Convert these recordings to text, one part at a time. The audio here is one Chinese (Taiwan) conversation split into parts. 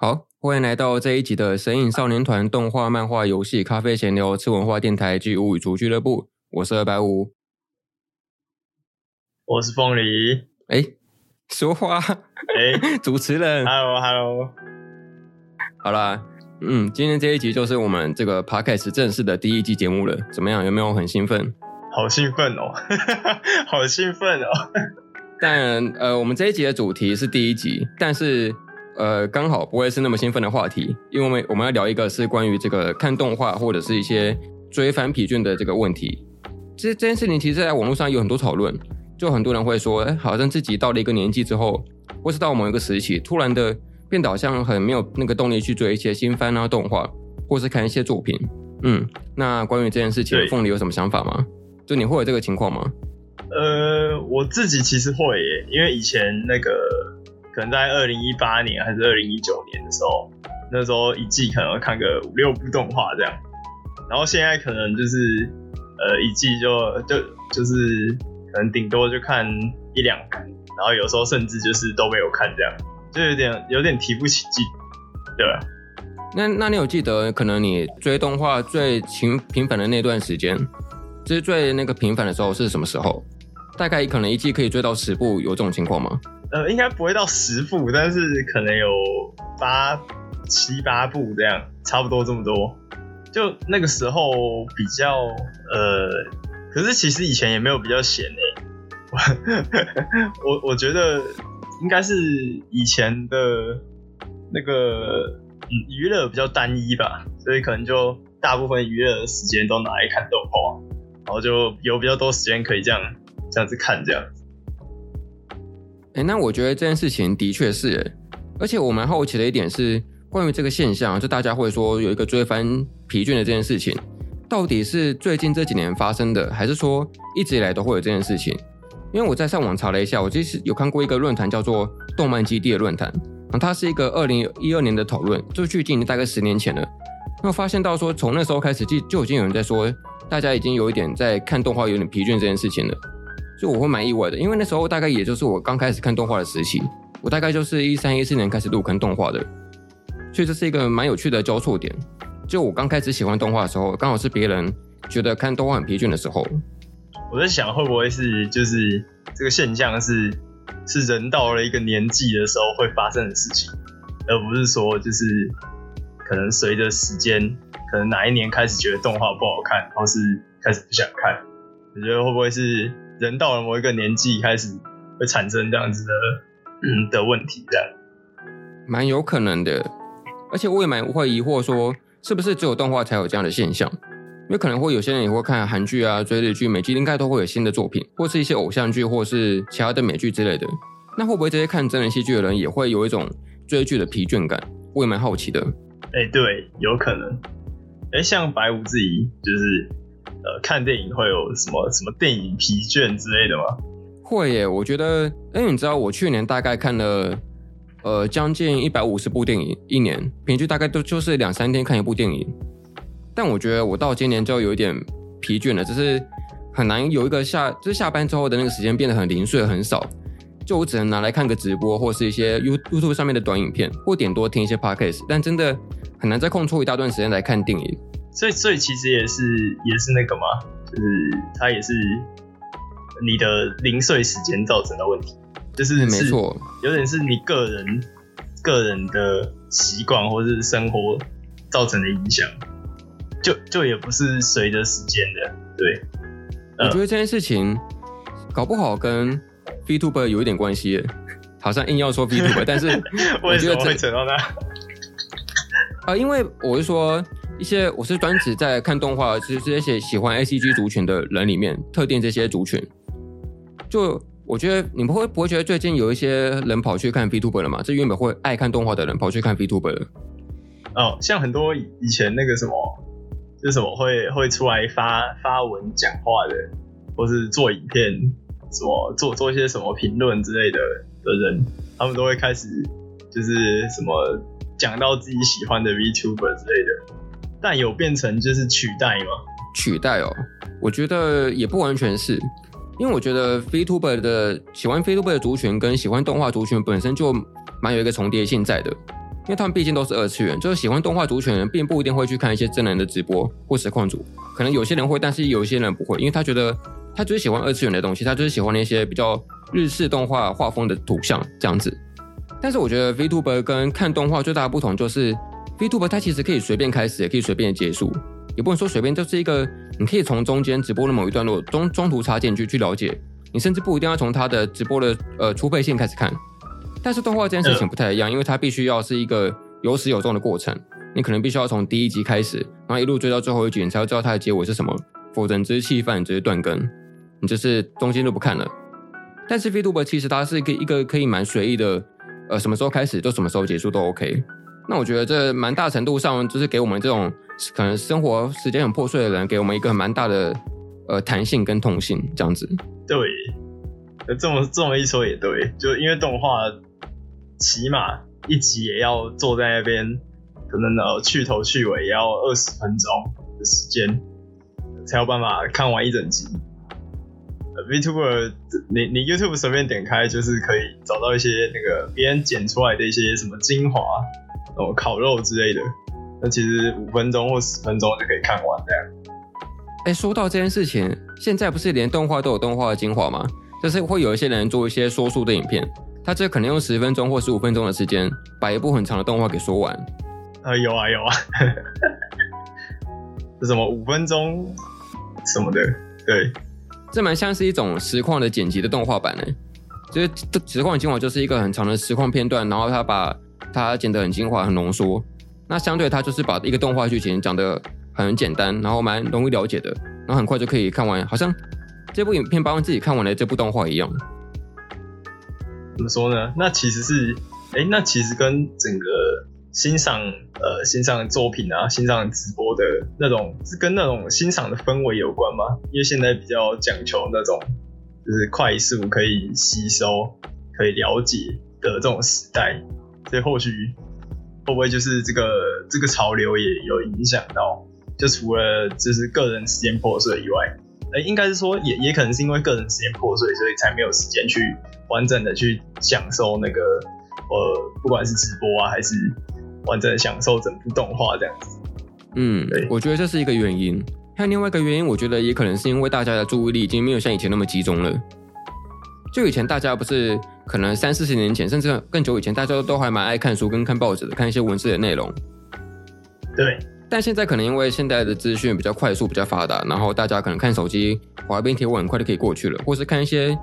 好，歡迎來到這一集的神隱少年團動畫、漫畫、遊戲、咖啡閒聊、次文化電臺暨物語廚俱樂部。我是二百五，我是鳳梨。誒、欸、說話，誒、欸、主持人，Hello，Hello。Hello, hello 好啦，嗯，今天這一集就是我們這個 Podcast 正式的第一季節目了，怎麼樣？有沒有很興奮？好興奮哦， 好興奮哦。 但呃，我們這一集的主題是第一集，但是。呃，剛好不會是那麼興奮的話題，因為我們要聊一個是關於這個看動畫或者是一些追番疲倦的這個問題。這這件事情其實在網絡上有很多討論，就很多人會說，哎、欸，好像自己到了一個年紀之後，或是到某一個時期，突然的變得好像很沒有那個動力去追一些新番啊、動畫，或是看一些作品。嗯，那關於這件事情，鳳對梨有什麼想法嗎？就你會有這個情況嗎？呃，我自己其實會耶，因為以前那個。可能在二零一八年還是二零一九年的時候，那時候一季可能看個五六部動畫這樣，然後現在可能就是，呃，一季就就就是可能頂多就看一兩部，然後有時候甚至就是都沒有看這樣，就有點有點提不起勁，對。那那你有記得可能你追動畫最頻頻繁的那段時間，就是最那個頻繁的時候是什麼時候？大概可能一季可以追到十部，有這種情況嗎？呃，應該不會到十部，但是可能有八七八部這樣，差不多這麼多。就那個時候比較呃，可是其實以前也沒有比較閒哎， 我我覺得應該是以前的那個嗯、娛樂比較單一吧，所以可能就大部分娛樂的時間都拿來看動畫，然後就有比較多時間可以這樣這樣子看這樣。哎，那我覺得這件事情的確是，而且我蠻好奇的一點是，關於這個現象，就大家會說有一個追番疲倦的這件事情，到底是最近這幾年發生的，還是說一直以來都會有這件事情？因為我在上網查了一下，我其實有看過一個論壇，叫做動漫基地的論壇，它是一個二零一二年的討論，就距今大概十年前了，那我發現到說，從那時候開始就就已經有人在說，大家已經有一點在看動畫有點疲倦這件事情了。就我會蠻意外的，因為那時候大概也就是我剛開始看動畫的時期，我大概就是一三一四年開始入坑動畫的，所以這是一個蠻有趣的交錯點。就我剛開始喜歡動畫的時候，剛好是別人覺得看動畫很疲倦的時候。我在想，會不會是就是這個現象是是人到了一個年紀的時候會發生的事情，而不是說就是可能隨着時間，可能哪一年開始覺得動畫不好看，或是開始不想看，你覺得會不會是？人到了某一個年紀，開始會產生這樣子的、嗯、的問題這樣，這蠻有可能的。而且我也蠻會疑惑說，是不是只有動畫才有這樣的現象？有可能會有些人也會看韓劇啊、追日劇、美劇，應該都會有新的作品，或是一些偶像劇，或是其他的美劇之類的。那會不會這些看真人戲劇的人也會有一種追劇的疲倦感？我也蠻好奇的。哎、欸，對，有可能。哎、欸，像百五自己，就是。呃，看電影會有什麼什麼電影疲倦之類的嗎？會耶，我覺得，哎，你知道我去年大概看了，呃，將近一百五十部電影，一年平均大概都就是兩三天看一部電影。但我覺得我到今年就有一點疲倦了，就是很難有一個下，就是下班之後的那個時間變得很零碎，很少，就我只能拿來看個直播，或是一些 U YouTube 上面的短影片，或點多聽一些 Podcast，但真的很難再空出一大段時間來看電影。所以，所以其實也是也是那個嘛，就是它也是你的零碎時間造成的問題，就是沒錯，有點是你個人個人的習慣或是生活造成的影響，就就也不是隨着時間的，對。我、呃、覺得這件事情搞不好跟 VTuber 有一點關係，好像硬要說 VTuber， 但是覺得為什麼會扯到那啊、？ 呃，因為我是說。一些我是專職在看動畫，就是這些喜歡 ACG 族群的人裡面，特定這些族群，就我覺得你們會不會覺得最近有一些人跑去看 VTuber 了嗎？這原本會愛看動畫的人跑去看 VTuber 了。哦，像很多以前那個什麼，就什麼會會出來發發文講話的，或是做影片，什麼做做一些什麼評論之類的的人，他們都會開始就是什麼講到自己喜歡的 VTuber 之類的。但有變成就是取代嗎？取代哦，我覺得也不完全是，因為我覺得 VTuber 的喜歡 VTuber 的族群跟喜歡動畫族群本身就蠻有一個重疊性在的，因為他們畢竟都是二次元，就是喜歡動畫族群的人並不一定會去看一些真人的直播或實況主，可能有些人會，但是有些人不會，因為他覺得他就是喜歡二次元的東西，他就是喜歡那些比較日式動畫畫風的圖像這樣子。但是我覺得 VTuber 跟看動畫最大的不同就是。VTuber 它其實可以隨便開始，也可以隨便結束，也不能說隨便就是一個，你可以從中間直播的某一段落中中途插進去去了解，你甚至不一定要從它的直播的呃初配信開始看。但是動畫這件事情不太一樣，因為它必須要是一個有始有終的過程，你可能必須要從第一集開始，然後一路追到最後一集，你才要知道它的結尾是什麼，否則只是棄番，只是斷更，你就是中間都不看了。但是 VTuber 其實它是一個一個可以蠻隨意的，呃什麼時候開始就什麼時候結束都 OK。那我覺得這蠻大程度上，就是給我們這種可能生活時間很破碎的人，給我們一個蠻大的呃彈性跟痛性這樣子。對，這麼這麼一說也對，就因為動畫起碼一集也要坐在那邊，可能呃去頭去尾也要二十分鐘的時間，才有辦法看完一整集。Vtuber，你你 YouTube 隨便點開，就是可以找到一些那個別人剪出來的一些什麼精華。哦、烤肉之類的，那其實五分鐘或十分鐘就可以看完這樣。哎、欸，說到這件事情，現在不是連動畫都有動畫的精華嗎？就是會有一些人做一些說書的影片，他這可能用十分鐘或十五分鐘的時間，把一部很長的動畫給說完。啊，有啊有啊，這 什麼五分鐘什麼的？對，這蠻像是一種實況的剪輯的動畫版呢、欸。就是實況精華就是一個很長的實況片段，然後他把它剪得很精華，很濃縮。那相對它就是把一個動畫劇情講得很簡單，然後蠻容易了解的，然後很快就可以看完，好像這部影片幫自己看完了這部動畫一樣。怎麼說呢？那其實是，哎，那其實跟整個欣賞呃欣賞作品啊，欣賞直播的那種，是跟那種欣賞的氛圍有關嗎？因為現在比較講求那種就是快速可以吸收、可以了解的這種時代。所以或許會不會就是這個這個潮流也有影響到？就除了就是個人時間破碎以外，欸，應該是說也也可能是因為個人時間破碎，所以才沒有時間去完整的去享受那個，呃，不管是直播啊，還是完整的享受整部動畫這樣子。對。嗯，我覺得這是一個原因。還有另外一個原因，我覺得也可能是因為大家的注意力已經沒有像以前那麼集中了。就以前大家不是可能三四十年前，甚至更久以前，大家都都還蠻愛看書跟看報紙的，看一些文字的內容。對，但現在可能因為現在的資訊比較快速、比較發達，然後大家可能看手機滑一篇貼文很快就可以過去了，或是看一些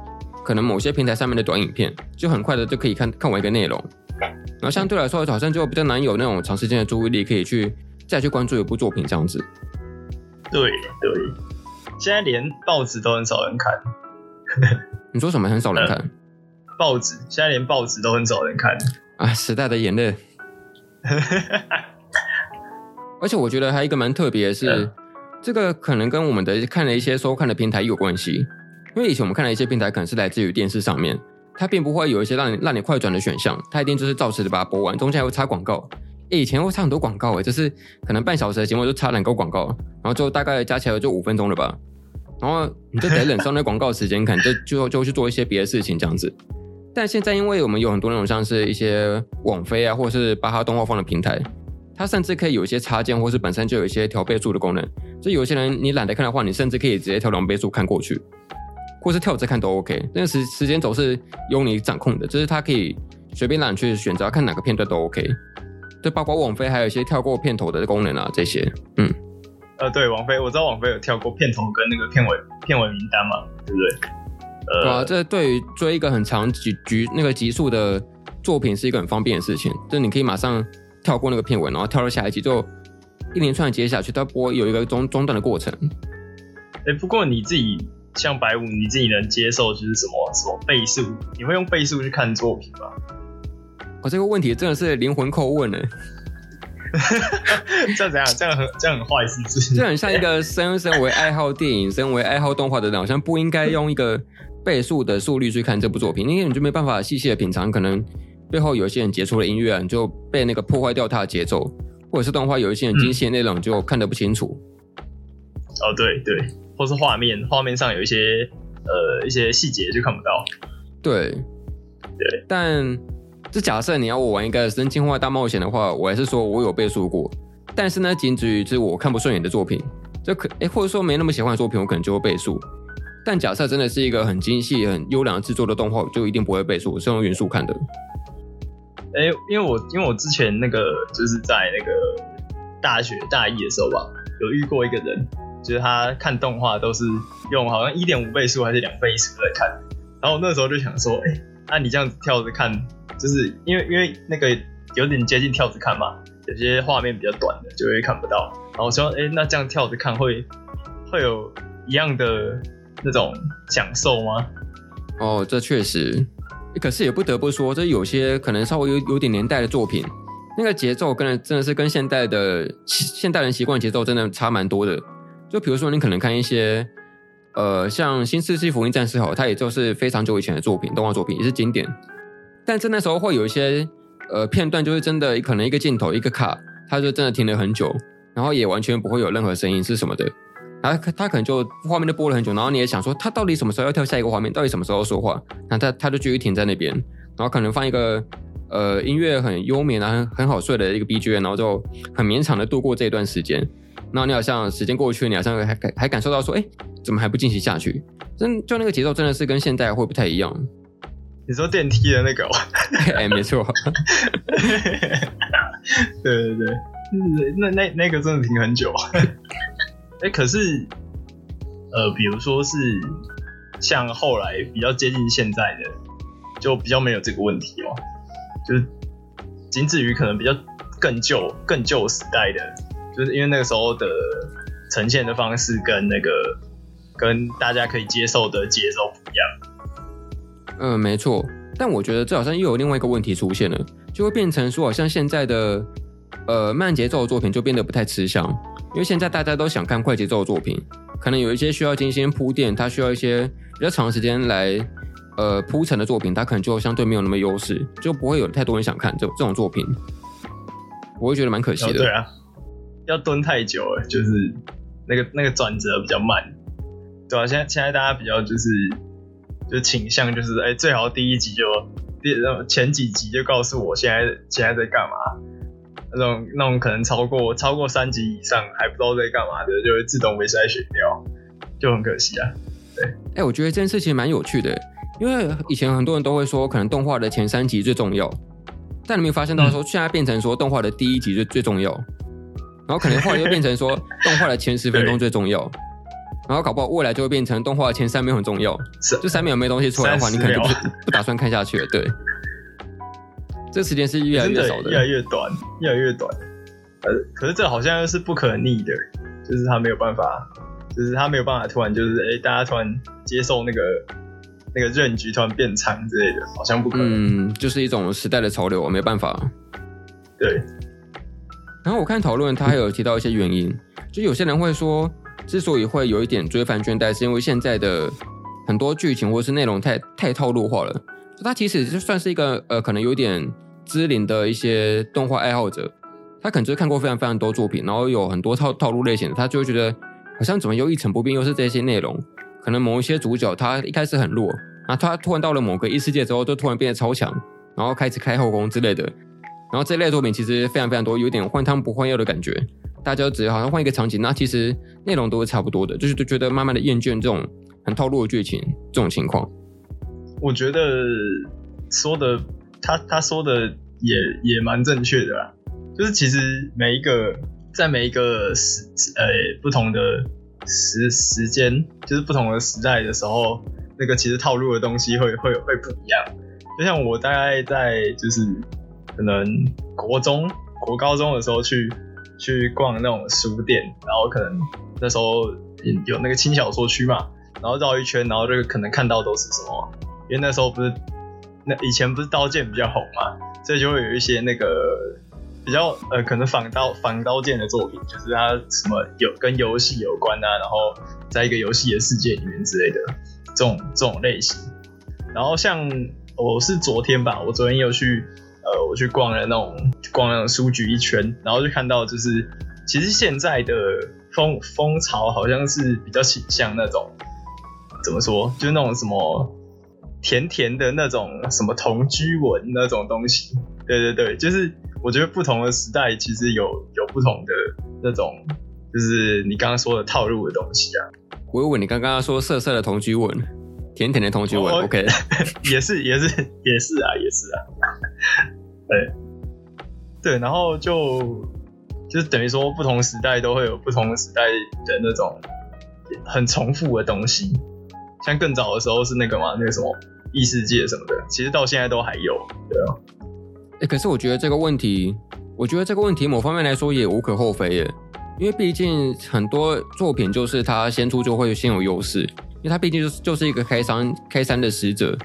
可能某些平台上面的短影片，就很快的就可以看看完一個內容。然後相對來說，好像就比較難有那種長時間的注意力，可以去再去關注一部作品這樣子。對對，現在連報紙都很少人看。你說什麼？很少人看，嗯、報紙，現在連報紙都很少人看啊！時代的眼淚。 而且我覺得還一個蠻特別的是，嗯、這個可能跟我們的看了一些收看的平台有關係。因為以前我們看的一些平台，可能是來自於電視上面，它並不會有一些讓你讓你快轉的選項，它一定就是照實的把它播完，中間又插廣告。以前會插很多廣告，欸，哎,就是可能半小時的節目就插兩個廣告，然後就大概加起來就五分鐘了吧。然後你就得忍受那廣告時間，可能就就就去做一些別的事情這樣子。但現在因為我們有很多那種像是一些網飛啊，或者是巴哈動畫放的平台，它甚至可以有一些插件，或是本身就有一些調倍速的功能。就有些人你懶得看的話，你甚至可以直接調兩倍速看過去，或是跳着看都 OK 但。但是時間總是由你掌控的，就是他可以隨便讓你去選擇看哪個片段都 OK。這包括網飛還有一些跳過片頭的功能啊，這些嗯。呃，對，王菲，我知道王菲有跳過片頭跟那個片尾片尾名單嘛，對不對？呃，這、啊、對於追一個很長幾集，集那個集數的作品是一個很方便的事情，就你可以馬上跳過那個片尾，然後跳到下一集，就一連串接下去，它不會有一個中中斷的過程。欸、不過你自己像百五，你自己能接受就是什麼什麼倍速？你會用倍速去看作品嗎？我、哦、這個問題真的是靈魂叩問呢、欸。 這樣怎樣？這樣很這樣很壞事，這樣很，壞這很像一個身身為愛好電影、身 為愛好動畫的人，好像不應該用一個倍速的速率去看這部作品，嗯、因為你就沒辦法細細的品嘗。可能背後有一些很傑出的音樂、啊、你就被那個破壞掉它的節奏，或者是動畫有一些很精細的內容你就看得不清楚。嗯、哦，對對，或是畫面畫面上有一些呃一些細節就看不到。對對，對但。這假設你要我玩一個真心話大冒險的話，我還是說我有倍速過，但是呢，僅止於是我看不順眼的作品，就可哎，或者說沒那麼喜歡的作品，我可能就會倍速。但假設真的是一個很精細、很優良製作的動畫，就一定不會倍速，我是用原速看的。哎，因為我因為我之前那個就是在那個大學大一的時候吧，有遇過一個人，就是他看動畫都是用好像一點五倍速還是兩倍速來看，然後我那時候就想說，哎，那、啊、你這樣子跳着看。就是因為因為那個有點接近跳着看嘛，有些畫面比較短的就會看不到。然後說，哎，那這樣跳着看會會有一樣的那種享受嗎？哦，這確實。可是也不得不說，這有些可能稍微有有點年代的作品，那個節奏跟真的是跟現代的現代人習慣節奏真的差蠻多的。就比如說，你可能看一些呃，像《新世紀福音戰士》哦，它也就是非常久以前的作品，動畫作品也是經典。但是那時候會有一些，呃，片段就是真的可能一個鏡頭一個卡，他就真的停了很久，然後也完全不會有任何聲音是什麼的，然後他可能就畫面都播了很久，然後你也想說他到底什麼時候要跳下一個畫面，到底什麼時候要說話，那他他就繼續停在那邊，然後可能放一個呃音樂很優眠啊，很很好睡的一個 BGM，然後就很勉強的度過這一段時間，然後你好像時間過去，你好像還還感受到說，哎，怎麼還不進行下去？真就那個節奏真的是跟現代會不太一樣。你說電梯的那個、喔，哎、欸，沒錯， 對對對，那那那個真的停很久，哎、 欸，可是，呃，比如說是像後來比較接近現在的，就比較沒有這個問題哦、喔，就是僅止於可能比較更舊、更舊時代的，就是因為那個時候的呈現的方式跟那個跟大家可以接受的節奏不一樣。嗯，沒錯，但我覺得這好像又有另外一個問題出現了，就會變成說，好像現在的呃慢節奏的作品就變得不太吃香，因為現在大家都想看快節奏的作品，可能有一些需要精心鋪墊，它需要一些比較長時間來呃鋪陳的作品，它可能就相對沒有那麼優勢，就不會有太多人想看這這種作品，我會覺得蠻可惜的。哦，對啊，要蹲太久了，哎，就是那個那個轉折比較慢，對啊，現在現在大家比較就是。就傾向就是，哎、欸，最好第一集就第前幾集就告訴我現在現在在幹嘛，那種那種可能超過超過三集以上還不知道在幹嘛的，就會自動被篩選掉，就很可惜啊。對，哎、欸，我覺得這件事情蠻有趣的，因為以前很多人都會說可能動畫的前三集最重要，但你沒有發現到說現在變成說動畫的第一集最最重要，然後可能後來又變成說動畫的前十分鐘最重要。 然後搞不好未來就會變成動畫前三秒很重要。就三秒沒東西出來的話，你可能就不打算看下去了。對，這時間是越來越少的，越來越短，越來越短。呃，可是這好像又是不可逆的，就是他沒有辦法，就是他沒有辦法突然就是哎，大家突然接受那個那個任局團變長之類的，好像不可能。嗯，就是一種時代的潮流，我沒辦法。對。然後我看討論，他還有提到一些原因，就有些人會說。之所以會有一點追番倦怠，是因為現在的很多劇情或是內容太太套路化了。他其實就算是一個呃，可能有點資歷的一些動畫愛好者，他可能就看過非常非常多作品，然後有很多套套路類型的，他就會覺得好像怎麼又一成不變，又是這些內容。可能某一些主角他一開始很弱，然後他突然到了某個異世界之後，就突然變得超強，然後開始開後宮之類的。然後這類作品其實非常非常多，有點換湯不換藥的感覺。大家都只要好像換一個場景，那其實內容都會差不多的，就是都覺得慢慢的厭倦這種很套路的劇情這種情況。我覺得說的他他說的也也蠻正確的啦，就是其實每一個在每一個時呃、欸、不同的時時間，就是不同的時代的時候，那個其實套路的東西會會會不一樣。就像我大概在就是可能國中國高中的時候去。去逛那種書店，然後可能那時候有那個輕小說區嘛，然後繞一圈，然後就可能看到都是什麼，因為那時候不是那以前不是刀劍比較紅嘛，所以就會有一些那個比較呃可能仿刀仿刀劍的作品，就是他什麼有跟遊戲有關啊，然後在一個遊戲的世界裡面之類的這種這種類型。然後像我是昨天吧，我昨天有去。呃，我去逛了那種逛了那種書局一圈，然後就看到就是，其實現在的風風潮好像是比較傾向那種怎麼說，就那種什麼甜甜的那種什麼同居文那種東西。對對對，就是我覺得不同的時代其實有有不同的那種，就是你剛剛說的套路的東西啊。我有問你，剛剛說色色的同居文。甜甜的同學我 OK 也是也是也是啊，也是啊，對對，然後就就是等於說不同時代都會有不同時代的那種很重複的東西，像更早的時候是那個嘛，那個什麼異世界什麼的，其實到現在都還有，對啊、欸。可是我覺得這個問題，我覺得這個問題某方面來說也無可厚非耶，因為畢竟很多作品就是它先出就會先有優勢。因為他畢竟就是就是一個開山開山的使者，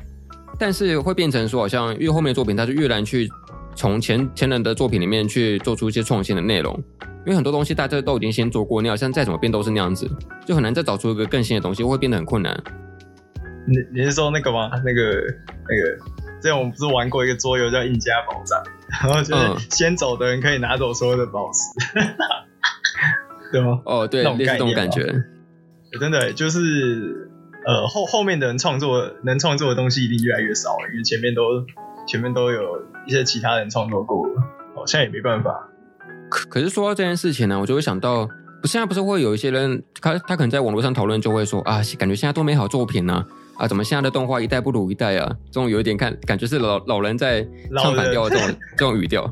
但是會變成說，好像越後面的作品，他就越難去從前前人的作品裡面去做出一些創新的內容。因為很多東西大家都已經先做過，你好像再怎麼變都是那樣子，就很難再找出一個更新的東西，會變得很困難。你你是說那個嗎？那個那個，之前我們不是玩過一個桌遊叫《印加寶藏》，然後就是先走的人可以拿走所有的寶石， 對嗎？哦，對，那種，這種感覺，真的、哦、就是。呃，後後面的人創作能創作的東西一定越來越少了，因為前面都前面都有一些其他人創作過，好像也沒辦法。可可是說到這件事情呢、啊，我就會想到，不現在不是會有一些人，他他可能在網絡上討論，就會說啊，感覺現在都沒好作品呢、啊，啊怎麼現在的動畫一代不如一代啊，這種有一點看，感覺是老老人在唱反調的這種老人 這種語調。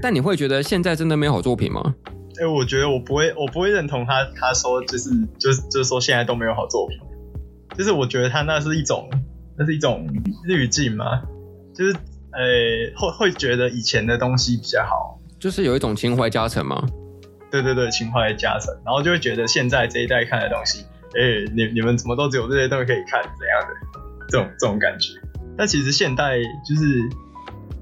但你會覺得現在真的沒有好作品嗎？哎，我覺得我不會，我不會認同他他說就是就是、就是、就是說現在都沒有好作品。就是我覺得他那是一種，那是一種濾鏡嗎？就是呃、欸、會會覺得以前的東西比較好，就是有一種情懷加成嗎？對對對，情懷加成，然後就會覺得現在這一代看的東西，哎、欸，你你們怎麼都只有這些東西可以看？怎樣的這種這種感覺？但其實現代就是，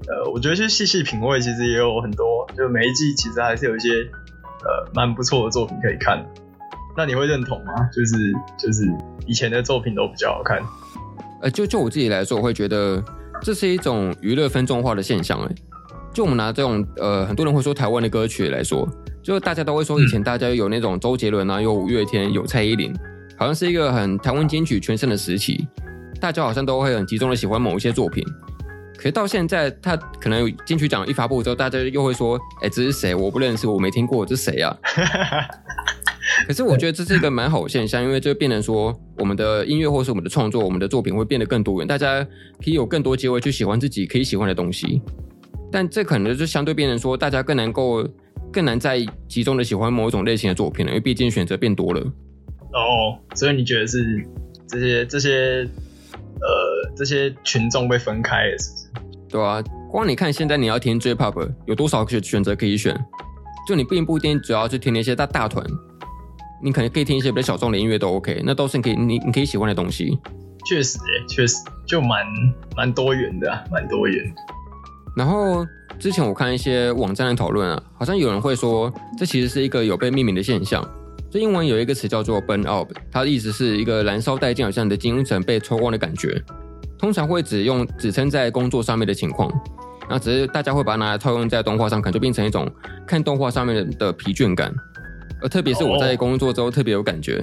呃，我覺得去細細品味，其實也有很多，就每一季其實還是有一些呃蠻不錯的作品可以看。那你會認同嗎？就是就是以前的作品都比較好看。呃，就就我自己來說，我會覺得這是一種娛樂分眾化的現象。哎，就我們拿這種呃，很多人會說台灣的歌曲來說，就大家都會說以前大家有那種周杰倫啊，嗯、有五月天，有蔡依林，好像是一個很台灣金曲全盛的時期。大家好像都會很集中的喜歡某一些作品。可是到現在，他可能有金曲獎一發布之後，大家又會說，哎，這是誰？我不認識，我沒聽過，這是誰啊？ 可是我覺得這是一個蠻好的現象，因為這變成說我們的音樂或是我們的創作，我們的作品會變得更多元，大家可以有更多機會去喜歡自己可以喜歡的東西。但這可能就是相對變成說，大家更能夠、更難在集中的喜歡某一種類型的作品了，因為畢竟選擇變多了。哦，oh, 所以你覺得是這些、這些、呃，這些群眾被分開是不是？對啊，光你看現在你要聽 J-Pop，有多少選選擇可以選？就你並不一定主要是聽那些大大團。你可能可以聽一些比較小眾的音樂都 OK，那都是你可以你你可以喜歡的東西。確實，哎，確實就蠻蠻多元的，蠻多元。然後之前我看一些網站的討論啊，好像有人會說，這其實是一個有被命名的現象。這英文有一個詞叫做 “burn out”，它的意思是一個燃燒殆盡，好像你的精神被抽光的感覺。通常會只用指稱在工作上面的情況，那只是大家會把它拿來套用在動畫上，可能就變成一種看動畫上面的疲倦感。呃，而特別是我在工作之後特別有感覺。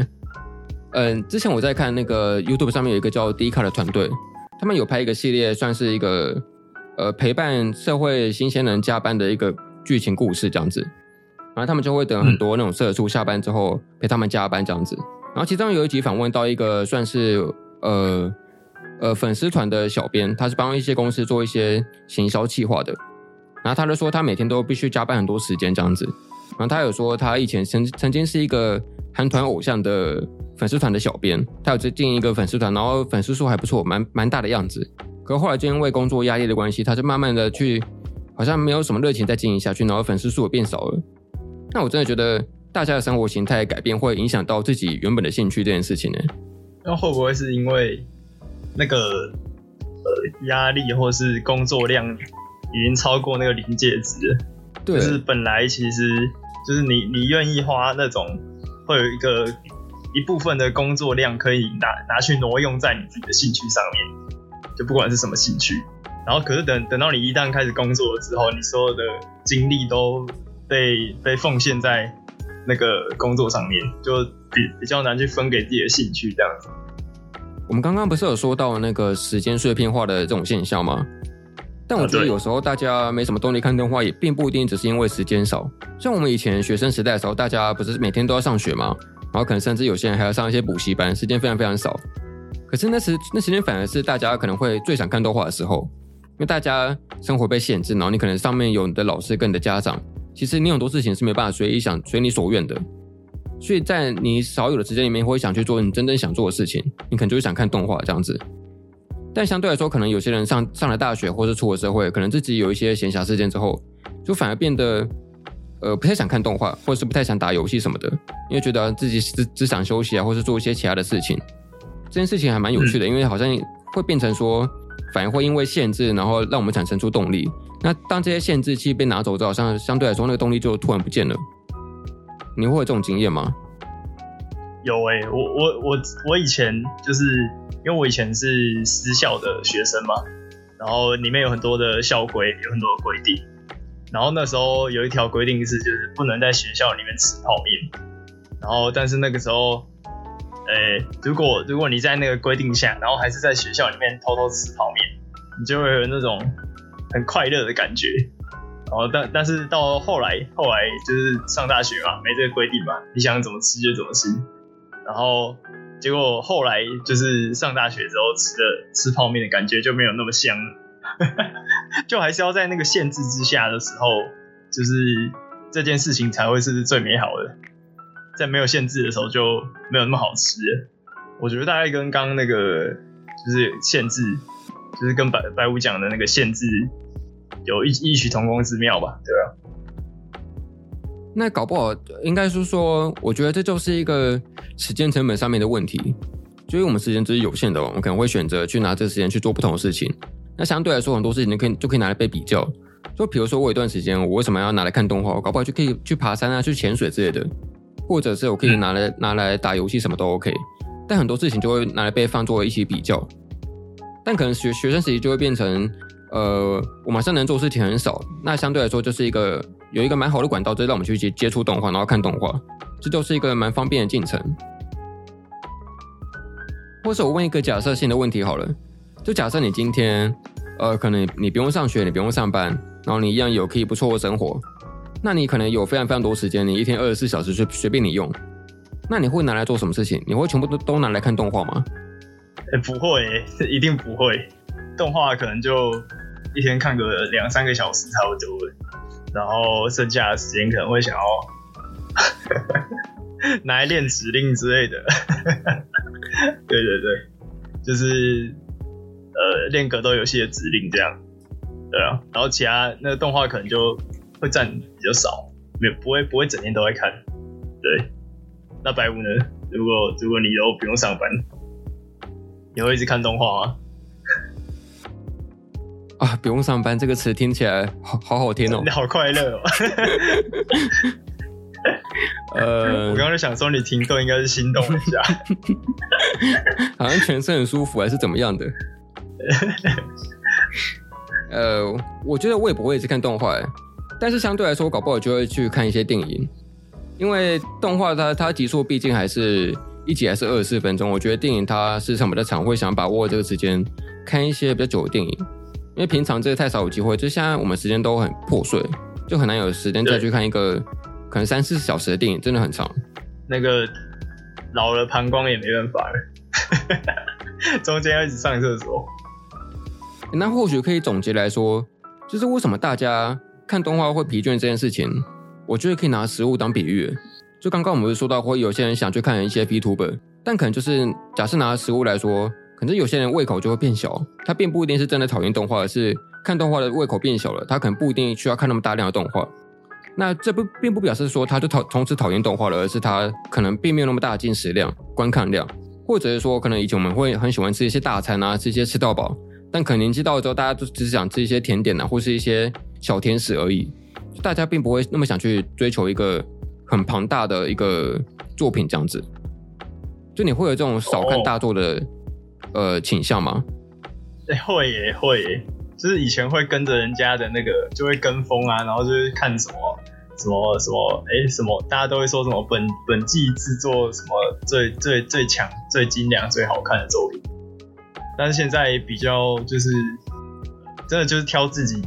嗯、oh. 呃，之前我在看那個 YouTube 上面有一個叫 D 卡的團隊，他們有拍一個系列，算是一個呃陪伴社會新鮮人加班的一個劇情故事這樣子。然後他們就會等很多那種社畜下班之後陪他們加班這樣子。然後其中有一集訪問到一個算是呃呃粉絲團的小編，他是幫一些公司做一些行銷企劃的。然後他就說他每天都必須加班很多時間這樣子。然後他有說，他以前曾曾經是一個韓團偶像的粉絲團的小編，他有經營一個粉絲團，然後粉絲數還不錯，蠻蠻大的樣子。可是後來就因為工作壓力的關係，他就慢慢的去，好像沒有什麼熱情再經營下去，然後粉絲數也變少了。那我真的覺得大家的生活形態改變會影響到自己原本的興趣這件事情呢？那會不會是因為那個呃壓力或是工作量已經超過那個臨界值？就對是本來其實。就是你，你願意花那種，會有一個一部分的工作量可以拿拿去挪用在你自己的興趣上面，就不管是什麼興趣。然後可是等等到你一旦開始工作了之後，你所有的精力都被被奉獻在那個工作上面，就比比較難去分給自己的興趣這樣子。我們剛剛不是有說到那個時間碎片化的這種現象嗎？但我覺得有時候大家沒什麼動力看動畫，也並不一定只是因為時間少。像我們以前學生時代的時候，大家不是每天都要上學嗎？然後可能甚至有些人還要上一些補習班，時間非常非常少。可是那時那時間反而是大家可能會最想看動畫的時候，因為大家生活被限制，然後你可能上面有你的老師跟你的家長，其實你有很多事情是沒辦法隨意想隨你所願的。所以在你少有的時間裡面，會想去做你真正想做的事情，你可能就會想看動畫這樣子。但相對來說，可能有些人上上了大學，或是出了社會，可能自己有一些閒暇時間之後，就反而變得呃不太想看動畫，或者是不太想打遊戲什麼的，因為覺得自己只只想休息啊，或是做一些其他的事情。這件事情還蠻有趣的，嗯、因為好像會變成說，反而會因為限制，然後讓我們產生出動力。那當這些限制器被拿走之後，好像相對來說，那個動力就突然不見了。你會有這種經驗嗎？有誒、欸，我我我我以前就是。因為我以前是私校的學生嘛，然後裡面有很多的校規，有很多的規定，然後那時候有一條規定是，就是不能在學校裡面吃泡麵，然後但是那個時候，呃、欸，如果如果你在那個規定下，然後還是在學校裡面偷偷吃泡麵，你就會有那種很快樂的感覺，然後但但是到後來，後來就是上大學嘛，沒這個規定嘛，你想怎麼吃就怎麼吃，然後。結果後來就是上大學之後吃，吃的吃泡麵的感覺就沒有那麼香了， 就還是要在那個限制之下的時候，就是這件事情才會是最美好的。在沒有限制的時候就沒有那麼好吃。我覺得大概跟剛，剛那個就是限制，就是跟百百五講的那個限制有一異，異曲同工之妙吧，對吧？那搞不好應該是說，我覺得這就是一個時間成本上面的問題，就因為我們時間只是有限的哦，我們可能會選擇去拿這個時間去做不同的事情。那相對來說，很多事情就可以就可以拿來被比較，就比如說我有一段時間，我為什麼要拿來看動畫？我搞不好就可以去爬山啊，去潛水之類的，或者是我可以拿來拿來打遊戲，什麼都 OK。但很多事情就會拿來被放作為一起比較，但可能學學生時期就會變成，呃，我馬上能做的事情很少，那相對來說就是一個。有一個蠻好的管道，就讓我們去接觸動畫，然後看動畫，這就是一個蠻方便的進程。或者我問一個假設性的問題好了，就假設你今天，呃，可能你不用上學，你不用上班，然後你一樣有可以不錯的生活，那你可能有非常非常多時間，你一天二十四小時隨隨便你用，那你會拿來做什麼事情？你會全部都都拿來看動畫嗎？欸、不會，一定不會。動畫可能就一天看個兩三個小時差不多就。然後剩下的時間可能會想要 拿來練指令之類的， 對對對，就是呃練格鬥遊戲的指令這樣，對啊。然後其他那個動畫可能就會占比較少，沒不會不會整天都在看。對，那百五呢？如果如果你都不用上班，你會一直看動畫嗎？啊，不用上班這個詞聽起來好好聽哦！你好快樂哦！ 呃，我剛剛想說，你聽錯應該是心動一下， 好像全身很舒服，還是怎麼樣的？呃，我覺得我也不會一直看動畫欸，但是相對來說，我搞不好就會去看一些電影，因為動畫它它集數畢竟還是一集還是二十四分鐘，我覺得電影它時長比較長，會想把握這個時間看一些比較久的電影。因為平常真的太少有機會，就現在我們時間都很破碎，就很難有時間再去看一個對可能三四小時的電影，真的很長。那個老了膀胱也沒辦法了， 中間要一直上廁所、欸。那或許可以總結來說，就是為什麼大家看動畫會疲倦這件事情，我覺得可以拿食物當比喻。就剛剛我們是說到，或有些人想去看一些 Vtuber, 但可能就是假設拿食物來說。可能有些人胃口就會變小，他並不一定是真的討厭動畫，而是看動畫的胃口變小了。他可能不一定需要看那麼大量的動畫。那這不並不表示說他就討從此討厭動畫了，而是他可能並沒有那麼大的進食量、觀看量，或者是說可能以前我們會很喜歡吃一些大餐啊，吃一些吃到飽。但可能年紀到了之後，大家都只是想吃一些甜點啊，或是一些小甜食而已。大家並不會那麼想去追求一個很龐大的一個作品這樣子。就你會有這種少看大作的。Oh. 呃，傾向嗎？哎、欸，會耶、欸、會、欸，就是以前會跟着人家的那個，就會跟風啊，然後就是看什麼什麼什麼，哎、欸，什麼大家都會說什麼本本季製作什麼最最最強、最精良、最好看的作品。但是現在比較就是真的就是挑自己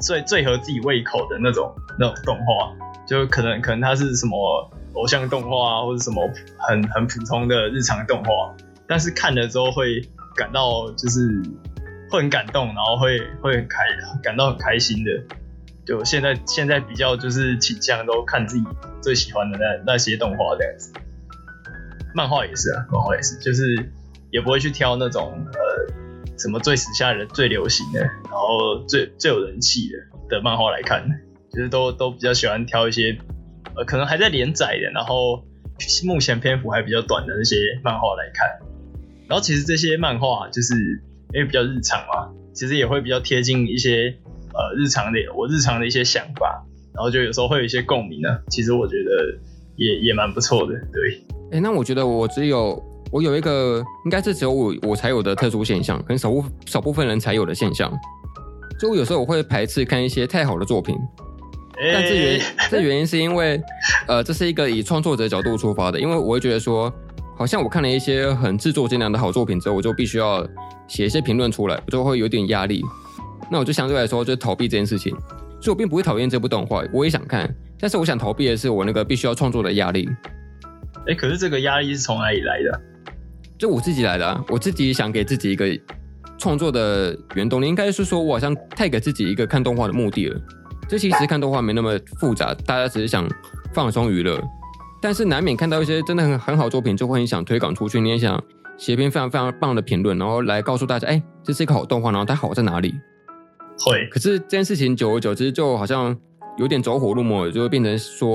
最最合自己胃口的那種那種動畫，就可能可能它是什麼偶像動畫啊，或者什麼很很普通的日常動畫。但是看了之後會感到就是會很感動，然後會會很開，感到很開心的。就現在現在比較就是傾向都看自己最喜歡的那那些動畫這樣子，漫畫也是啊，漫畫也是，就是也不會去挑那種呃什麼最時下人最流行的，然後最最有人氣的的漫畫來看，就是都都比較喜歡挑一些呃可能還在連載的，然後目前篇幅還比較短的那些漫畫來看。然後其實這些漫畫就是因為比較日常嘛，其實也會比較貼近一些呃日常的我日常的一些想法，然後就有時候會有一些共鳴呢。其實我覺得也也蠻不錯的，對。哎、欸，那我覺得我只有我有一個，應該是只有我我才有的特殊現象，可能少部少部分人才有的現象，就有時候我會排斥看一些太好的作品，欸、但是原這原因是因為 呃這是一個以創作者角度出發的，因為我會覺得說。好像我看了一些很製作精良的好作品之後，我就必須要寫一些評論出來，我就會有點壓力。那我就相對來說就逃避這件事情。所以我並不會討厭這部動畫，我也想看，但是我想逃避的是我那個必須要創作的壓力。誒、欸，可是這個壓力是從哪裡來的？就我自己來的啊，我自己想給自己一個創作的原動力，應該是說我好像太給自己一個看動畫的目的了。這其實看動畫沒那麼複雜，大家只是想放鬆娛樂。但是難免看到一些真的很很好作品，就會很想推廣出去，你也想寫一篇非常非常棒的評論，然後來告訴大家，哎、欸，這是一個好動畫，然後它好在哪裡？會。可是這件事情久而久之，就好像有點走火入魔了，就會變成說，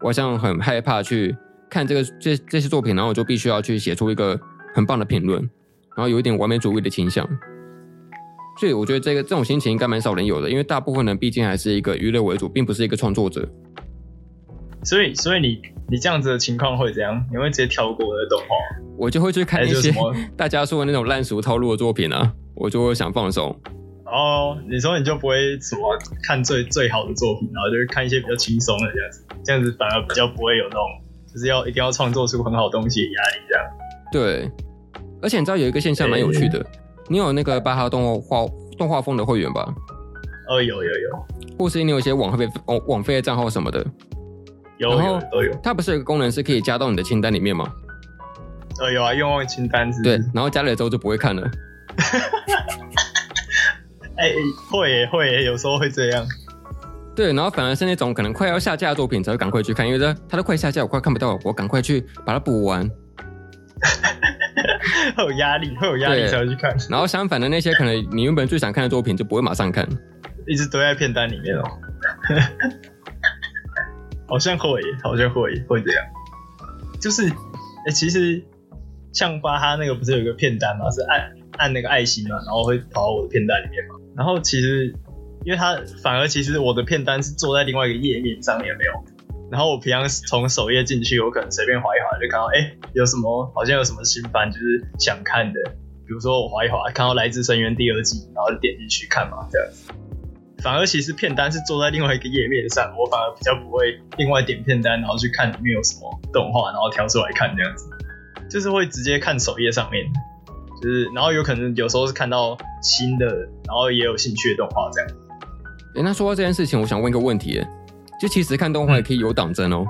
我好像很害怕去看這個這這些作品，然後我就必須要去寫出一個很棒的評論，然後有一點完美主義的傾向。所以我覺得這個這種心情應該蠻少人有的，因為大部分人畢竟還是一個娛樂為主，並不是一個創作者。所以，所以你。你這樣子的情況會怎樣？你會直接跳過我的動畫？我就會去看一些大家說的那種爛俗套路的作品啊。我就會想放鬆。哦，你說你就不會什麼看最最好的作品，然後就是看一些比較輕鬆的這樣子，這樣子反而比較不會有那種就是要一定要創作出很好東西的壓力這樣。對，而且你知道有一個現象蠻有趣的，欸欸你有那個巴哈動畫動畫瘋的會員吧？哦，有有有。或是你有一些網飛、哦、網網飛的賬號什麼的。有然後有都有，它不是有個功能是可以加到你的清單裡面嗎？都、呃、有啊，願望清單是，是。對，然後加了之後就不會看了。哎、 欸，會耶會耶，有時候會這樣。對，然後反而是那種可能快要下架的作品，才會趕快去看，因為它它都快下架，我快看不到，我趕快去把它補完。哈 會有壓力，會有壓力才會去看。然後相反的那些， 可能你原本最想看的作品就不會馬上看，一直堆在片單裡面哦。 好像會，好像會，會這樣。就是，哎、欸，其實像巴哈那個不是有一個片單嘛？是按按那個愛心嘛，然後會跑到我的片單裡面嘛。然後其實，因為他反而其實我的片單是坐在另外一個頁面上面沒有。然後我平常從首頁進去，我可能隨便劃一劃就看到，哎、欸，有什麼好像有什麼新番就是想看的。比如說我劃一劃，看到來自深淵第二季，然後就點進去看嘛這樣。反而其實片單是坐在另外一個頁面上，我反而比較不會另外點片單，然後去看裡面有什麼動畫，然後挑出來看這樣子，就是會直接看首頁上面，就是然後有可能有時候是看到新的，然後也有興趣的動畫這樣。那說到這件事情，我想問一個問題，就其實看動畫也可以有黨爭哦。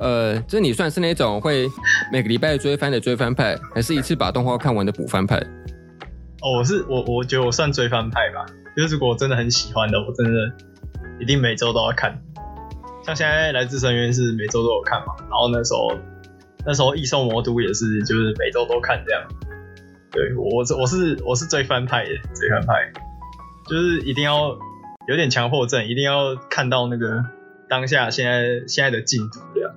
嗯、呃，就你算是那種會每個禮拜追番的追番派，還是一次把動畫看完的補番派？嗯、哦，我是我，我覺得我算追番派吧。就是如果我真的很喜歡的，我真的一定每周都要看。像現在《來自深淵》是每周都有看嘛，然後那時候那時候《異獸魔都》也是，就是每周都看這樣。對我，我是我是我是追番派的追番派，就是一定要有點強迫症，一定要看到那個當下現在現在的進度這樣。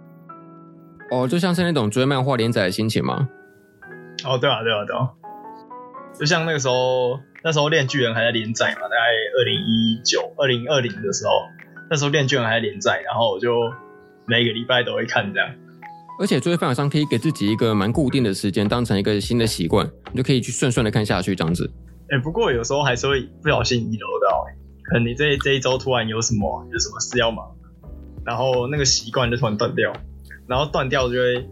哦，就像是那種追漫畫連載的心情嗎？哦，對啊對啊對啊。對啊就像那個時候，那時候練巨人還在連載嘛，大概二零一九、二零二零的時候，那時候練巨人還在連載，然後我就每個禮拜都會看這樣。而且作為飯友商，可以給自己一個蠻固定的時間，當成一個新的習慣，你就可以去順順的看下去這樣子。哎、欸，不過有時候還是會不小心遺漏到，可能你這這一周突然有什麼有什麼事要忙，然後那個習慣就突然斷掉，然後斷掉就會。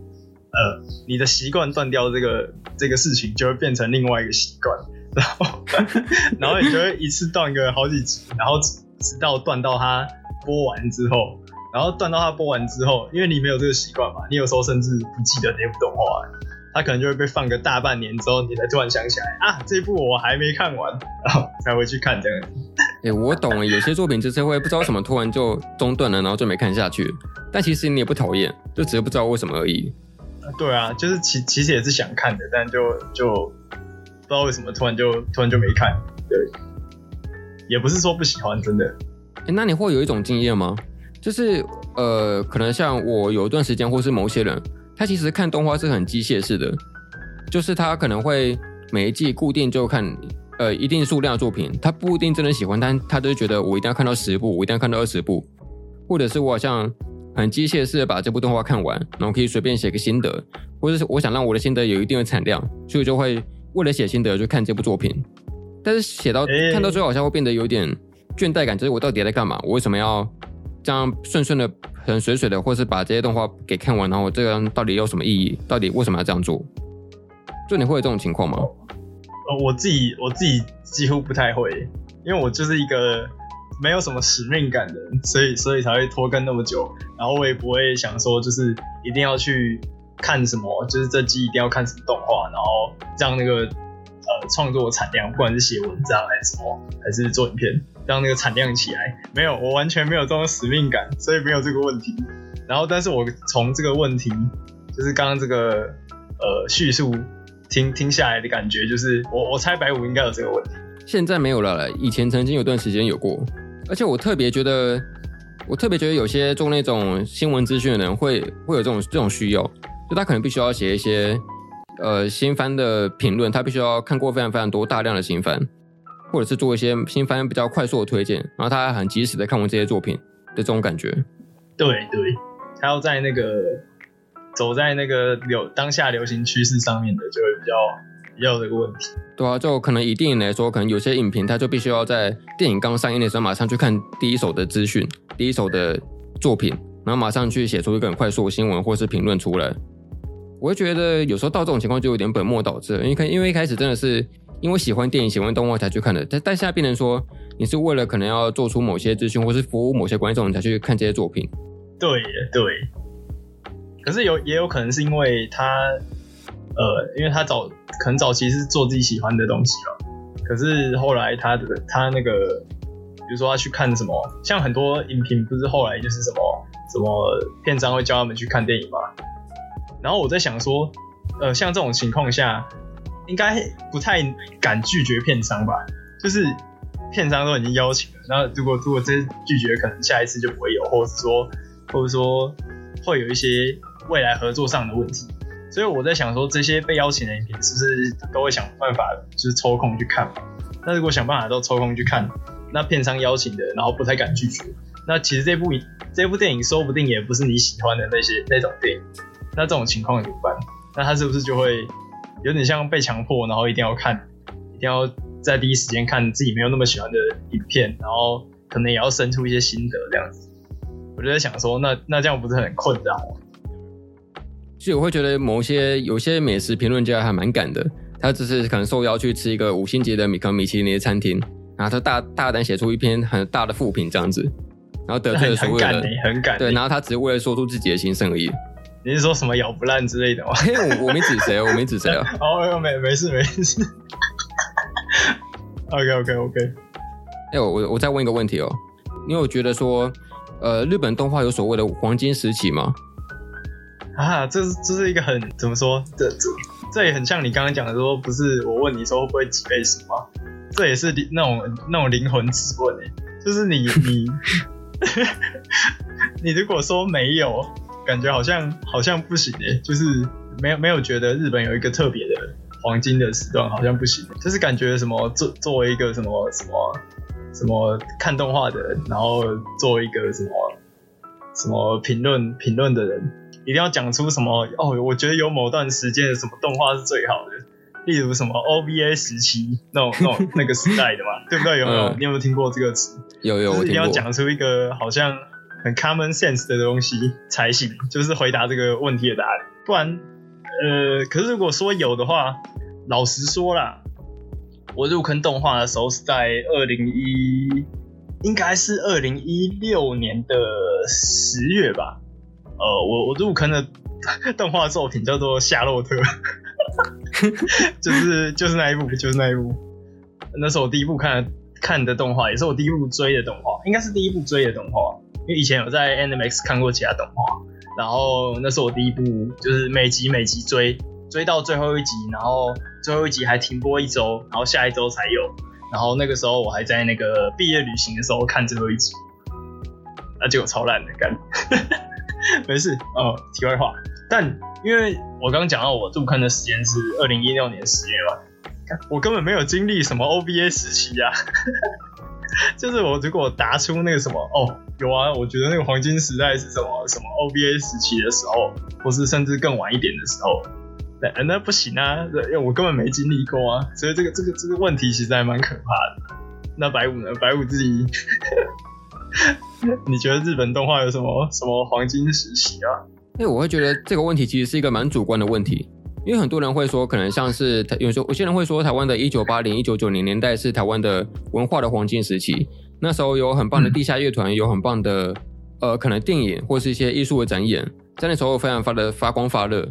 呃，你的習慣斷掉，這個這個事情就會變成另外一個習慣，然後 然後你就會一次斷個好幾集，然後直到斷到它播完之後，然後斷到它播完之後，因為你沒有這個習慣嘛，你有時候甚至不記得那部動畫，它可能就會被放個大半年之後，你才突然想起來啊，這一部我還沒看完，然後才會去看這樣。哎、 欸，我懂了，有些作品這些會不知道什麼突然就中斷了，然後就沒看下去，但其實你也不討厭，就只是不知道為什麼而已。對啊，就是其其實也是想看的，但就就不知道為什麼突然就突然就沒看。對，也不是說不喜歡，真的。那你會有一種經驗嗎？就是呃，可能像我有一段時間，或是某些人，他其實看動畫是很機械式的，就是他可能會每一季固定就看呃一定數量作品，他不一定真的喜歡，但他就覺得我一定要看到十部，我一定要看到二十部，或者是我好像。很機械式的把這部動畫看完，然後可以隨便寫個心得，或者是我想讓我的心得有一定的產量，所以就會為了寫心得就看這部作品。但是寫到看到最後，好像會變得有點倦怠感，就是我到底在幹嘛？我為什麼要這樣順順的、很水水的，或是把這些動畫給看完？然後我這樣到底有什麼意義？到底為什麼要這樣做？就你會有這種情況嗎？呃、哦，我自己我自己幾乎不太會，因為我就是一個。沒有什麼使命感的，所以所以才會拖更那麼久，然後我也不會想說就是一定要去看什麼，就是這季一定要看什麼動畫，然後讓那個呃創作的產量，不管是寫文章還是什麼，還是做影片，讓那個產量起來，沒有，我完全沒有這種使命感，所以沒有這個問題。然後，但是我從這個問題，就是剛剛這個呃敘述聽聽下來的感覺，就是我我猜百五應該有這個問題，現在沒有了，以前曾經有段時間有過。而且我特別覺得，我特別覺得有些做那種新聞資訊的人會會有這種這種需要，就他可能必須要寫一些呃新番的評論，他必須要看過非常非常多大量的新番，或者是做一些新番比較快速的推薦，然後他還很及時的看完這些作品的這種感覺。對對，他要在那個走在那個流當下流行趨勢上面的，就會比較。要這個問題，對啊，就可能以電影來說，可能有些影評，他就必須要在電影剛上映的時候馬上去看第一手的資訊、第一手的作品，然後馬上去寫出一個很快速的新聞或是評論出來。我會覺得有時候到這種情況就有點本末倒置了，因為開因為一開始真的是因為喜歡電影、喜歡動畫才去看的，但但現在變成說你是為了可能要做出某些資訊或是服務某些觀眾才去看這些作品。對對，可是有也有可能是因為他。呃，因為他早可能早期是做自己喜歡的東西了，可是後來他的他那個，比如說他去看什麼，像很多影評不是後來就是什麼什麼片商會叫他們去看電影嘛。然後我在想說，呃，像這種情況下，應該不太敢拒絕片商吧？就是片商都已經邀請了，那如果如果這拒絕，可能下一次就不會有，或者說或者說會有一些未來合作上的問題。所以我在想說，這些被邀請的影片是不是都會想辦法，就是抽空去看嘛？那如果想辦法都抽空去看，那片商邀請的，然後不太敢拒絕，那其實這部這部電影說不定也不是你喜歡的那些那種電影，那這種情況怎麼辦？那他是不是就會有點像被強迫，然後一定要看，一定要在第一時間看自己沒有那麼喜歡的影片，然後可能也要生出一些心得這樣子？我就在想說那，那那這樣不是很困擾嗎？所以我會覺得，某些有些美食評論家還蠻敢的，他只是可能受邀去吃一個五星級的米，可能米其林的餐廳，然後他大大膽寫出一篇很大的負評這樣子，然後得罪所謂的很敢的，很敢對，然後他只是為了說出自己的心聲而已。你是說什麼咬不爛之類的嗎？嘿我我沒指誰，我沒指誰啊。 哦，沒沒事沒事。沒事 OK OK OK。哎，我我再問一個問題哦，你有覺得說，呃，日本動畫有所謂的黃金時期嗎？啊，這是這是一個很怎麼說？這這這，這也很像你剛剛講的說，說不是我問你說會不會幾倍速嗎？這也是那種那種靈魂質問哎，就是你你 你如果說沒有，感覺好像好像不行誒，就是沒有沒有覺得日本有一個特別的黃金的時段，好像不行，就是感覺什麼做作為一個什麼什麼什麼看動畫的人，然後做一個什麼什麼評論評論的人。一定要講出什麼哦？我覺得有某段時間的什麼動畫是最好的，例如什麼 OVA 時期那種那種 那個時代的嘛， 對不對？有沒有，嗯、你有沒有聽過這個詞？有有，一定要講出一個好像很 common sense 的東西才行，就是回答這個問題的答案。不然，呃，可是如果說有的話，老實說啦，我入坑動畫的時候是在二零一，應該是二零一六年的十月吧。呃，我我入坑的動畫作品叫做《夏洛特》， 就是就是那一部，就是那一部。那是我第一部看看的動畫，也是我第一部追的動畫，應該是第一部追的動畫。因為以前有在 Animax 看過其他動畫，然後那是我第一部就是每集每集追，追到最後一集，然後最後一集還停播一周，然後下一周才有。然後那個時候我還在那個畢業旅行的時候看最後一集，那結果超爛的感覺。 沒事哦，嗯、題外話。但因為我剛剛講到我入坑的時間是二零一六年十月嘛，我根本沒有經歷什麼 OBA 時期啊呵呵。就是我如果答出那個什麼哦，有啊，我覺得那個黃金時代是什麼什麼 OBA 時期的時候，或是甚至更晚一點的時候，呃、那不行啊，因為我根本沒經歷過啊。所以這個這個這個問題其實還蠻可怕的。那百五呢？百五自己。呵呵 你覺得日本動畫有什麼什麼黃金時期啊？為、欸、我會覺得這個問題其實是一個蠻主觀的問題，因為很多人會說，可能像是他，有時候有些人會說，台灣的一九八零一九九零年代是台灣的文化的黃金時期，那時候有很棒的地下樂團，有很棒的、嗯、呃，可能電影或是一些藝術的展演，在那時候非常發的發光發熱。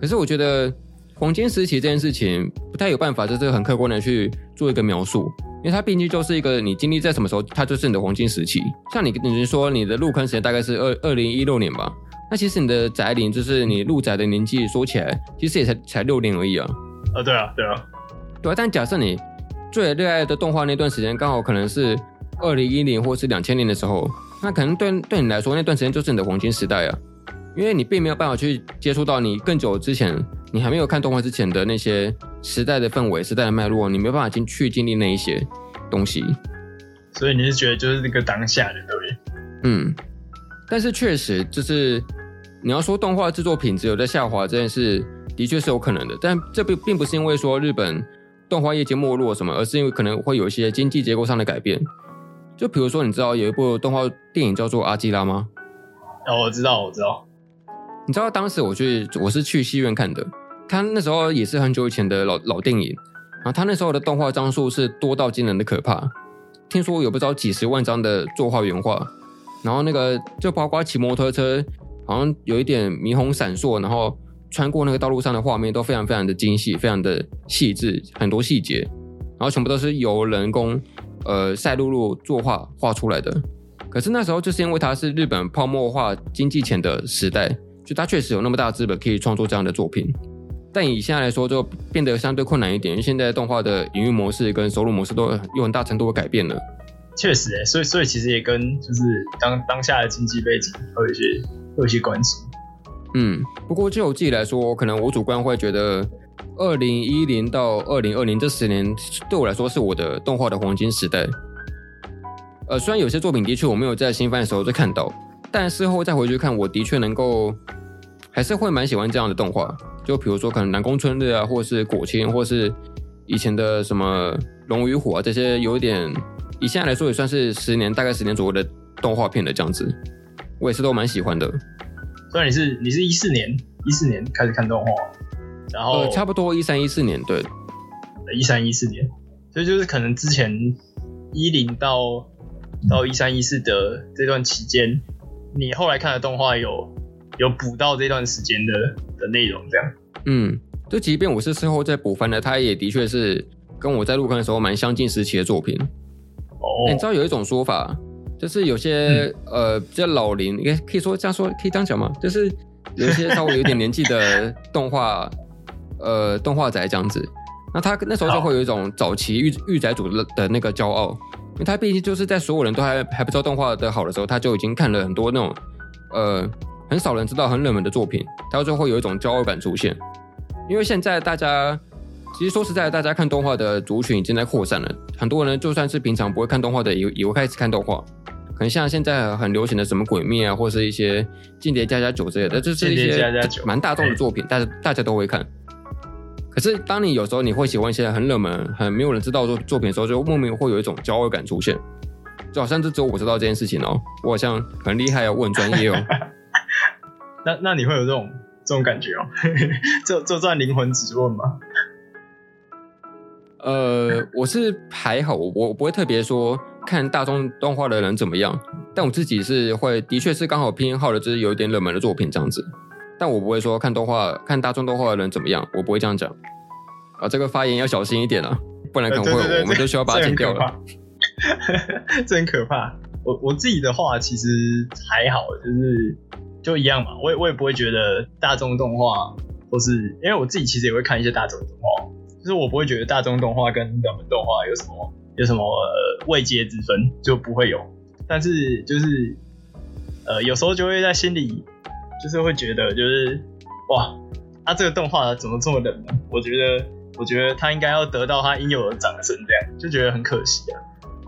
可是我覺得黃金時期這件事情不太有辦法，就是很客觀的去做一個描述。因為它畢竟就是一個，你經歷在什麼時候，它就是你的黃金時期。像你，你是說你的入坑時間大概是二二零一六年吧。那其實你的宅齡，就是你入宅的年紀，說起來，其實也才才六年而已啊。啊，對啊，對啊，對啊。但假設你最熱愛的動畫那段時間，剛好可能是二零一零或是兩千年的時候，那可能對對你來說，那段時間就是你的黃金時代啊。因為你並沒有辦法去接觸到你更久之前。你還沒有看動畫之前的那些時代的氛圍、時代的脈絡，你沒有辦法進去經歷那一些東西，所以你是覺得就是那個當下的對不對？嗯，但是確實就是你要說動畫製作品質有在下滑這件事，的確是有可能的。但這並並不是因為說日本動畫業界沒落什麼，而是因為可能會有一些經濟結構上的改變。就比如說，你知道有一部動畫電影叫做《阿基拉》嗎？哦，我知道，我知道。你知道當時我去，我是去戲院看的。他那時候也是很久以前的老老電影啊，然後他那時候的動畫張數是多到驚人的可怕，聽說有不知道幾十萬張的作畫原畫，然後那個就包括騎摩托車，好像有一點霓虹閃爍，然後穿過那個道路上的畫面都非常非常的精細，非常的細緻，很多細節，然後全部都是由人工呃賽璐珞作畫畫出來的。可是那時候就是因為他是日本泡沫化經濟前的時代，就他確實有那麼大資本可以創作這樣的作品。但以現在來說，就變得相對困難一點，因為現在動畫的營運模式跟收入模式都有很大程度的改變了。確實耶，所以所以其實也跟就是當當下的經濟背景會有一些會有一些關係。嗯，不過就我自己來說，可能我主觀會覺得，二零一零到二零二零這十年，對我來說是我的動畫的黃金時代。呃，雖然有些作品的確我沒有在新番的時候就看到，但事後再回去看，我的確能夠。還是會蠻喜歡這樣的動畫，就比如說可能涼宮春日啊，或者是果青，或者是以前的什麼《龍與虎》啊，這些有一點以現在來說也算是十年，大概十年左右的動畫片的這樣子，我也是都蠻喜歡的。所以你是你是一四年一四年開始看動畫，然後差不多一三一四年對，一三一四年，所以就是可能之前一零到到一三一四的這段期間，嗯、你後來看的動畫有。有補到這段時間的的內容，這樣，嗯，就即便我是事後再補番的，它也的確是跟我在錄番的時候蠻相近時期的作品。哦、oh. 欸，你知道有一種說法，就是有些、嗯、呃比較老齡，也可以說這樣說，可以這樣講嗎？就是有一些稍微有點年紀的動畫， 呃，動畫宅這樣子，那他那時候就會有一種早期御宅族好的那個驕傲，因為他畢竟就是在所有人都還還不知道動畫的好的時候，他就已經看了很多那種，呃。很少人知道很冷門的作品，到最後會有一種驕傲感出現。因為現在大家其實說實在，大家看動畫的族群已經在擴散了。很多人就算是平常不會看動畫的，也也會開始看動畫。可能像現在很流行的什麼《鬼滅》啊，或是一些《間諜家家酒》之類的，這是一些蠻大眾的作品，家家酒，但是大家都會看。哎，可是當你有時候你會喜歡一些很冷門、很沒有人知道的作作品的時候，就莫名會有一種驕傲感出現。就好像就只有我知道這件事情哦，我好像很厲害哦，我很專業哦。 那那你會有這種這種感覺哦、喔？ 就就這這算靈魂質問嗎？呃，我是還好，我我不會特別說看大眾動畫的人怎麼樣，但我自己是會，的確是剛好偏好的就是有點冷門的作品這樣子。但我不會說看動畫看大眾動畫的人怎麼樣，我不會這樣講啊、呃。這個發言要小心一點啊，不然可能會，呃、對對對，我們就需要把它剪掉了。這，這，很 這很可怕。我我自己的話其實還好，就是。就一樣嘛，我也我也不會覺得大眾動畫或是，因為我自己其實也會看一些大眾動畫，就是我不會覺得大眾動畫跟冷門動畫有什麼有什麼位階、呃、之分，就不會有。但是就是，呃，有時候就會在心裡就是會覺得，就是哇，他、啊、這個動畫怎麼這麼冷呢、啊？我覺得我覺得他應該要得到他應有的掌聲，這樣就覺得很可惜啊。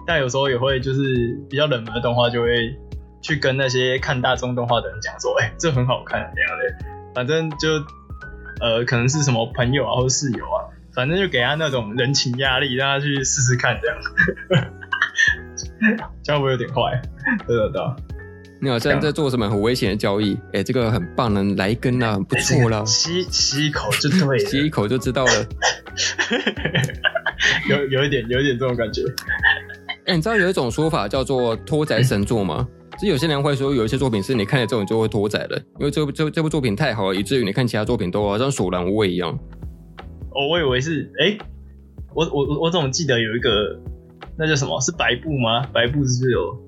但有時候也會就是比較冷門的動畫就會。去跟那些看大眾動畫的人講說，哎、欸，這很好看，這樣嘞。反正就，呃，可能是什麼朋友啊，或者室友啊，反正就給他那種人情壓力，讓他去試試看這樣。 這樣會有點壞？對對對。你好像在做什麼很危險的交易？哎、欸，這個很棒，能來一根啊，不錯啦。吸吸、欸、一口就對了，吸一口就知道了。 有有一點，有一點這種感覺。哎、欸，你知道有一種說法叫做拖宅神作嗎？嗯其實有些人會說，有一些作品是你看了之後你就會脫宅了，因為這部這這部作品太好了，以至於你看其他作品都好像索然無味一樣。哦，我以為是，哎，我我我我怎麼記得有一個那叫什麼？是白布嗎？白布是不是有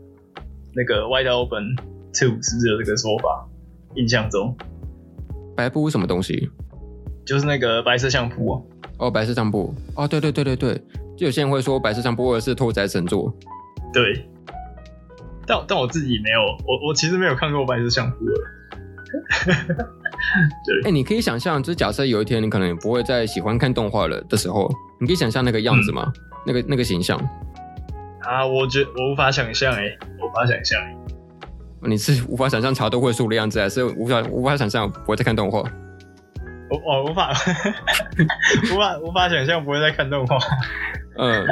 那個 “white open to” 是不是有這個說法？印象中，白布是什麼東西？就是那個白色相簿哦，哦，白色相簿哦，對對對對對，就有些人會說白色相簿是脫宅神作，對。但但我自己沒有，我我其實沒有看過白色相簿了 對、欸。你可以想象，就是假設有一天你可能不會再喜歡看動畫了的時候，你可以想象那個樣子嗎？嗯、那個那個形象？啊，我覺得我無法想象、欸，哎，無法想象、欸。你是無法想象查都會書的樣子，還是無法無法想象不會再看動畫？我我、哦、無法 無法無法想象不會再看動畫。嗯、呃。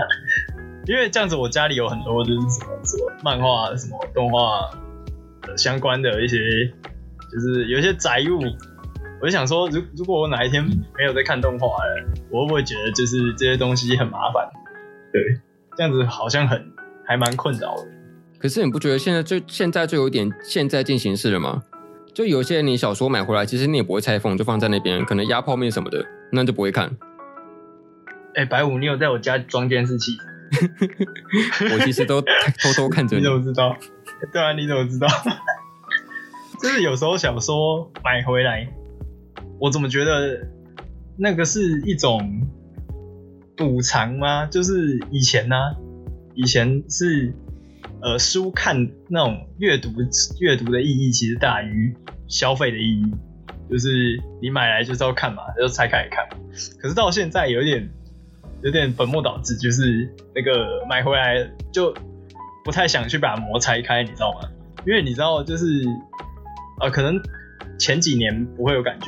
因為這樣子，我家裡有很多就是什麼什麼漫畫、什麼動畫相關的，一些就是有一些宅物。我就想說，如如果我哪一天沒有在看動畫了，哎，我會不會覺得就是這些東西很麻煩？對，這樣子好像很還蠻困擾的。可是你不覺得現在就現在就有點現在進行式了嗎？就有些你小說買回來，其實你也不會拆封，就放在那邊，可能壓泡麵什麼的，那就不會看。哎、欸，百五，你有在我家裝監視器？ 我其實都偷偷看着你。 你怎麼知道？對啊，你怎麼知道？ 就是有時候小說買回來，我怎麼覺得那個是一種補償嗎？就是以前呢、啊，以前是呃書看那種閱讀閱讀的意義其實大於消費的意義，就是你買來就知道看嘛，就拆開來看。可是到現在有點。有點本末倒置，就是那個買回來就不太想去把膜拆開，你知道嗎？因為你知道，就是啊、呃，可能前幾年不會有感覺，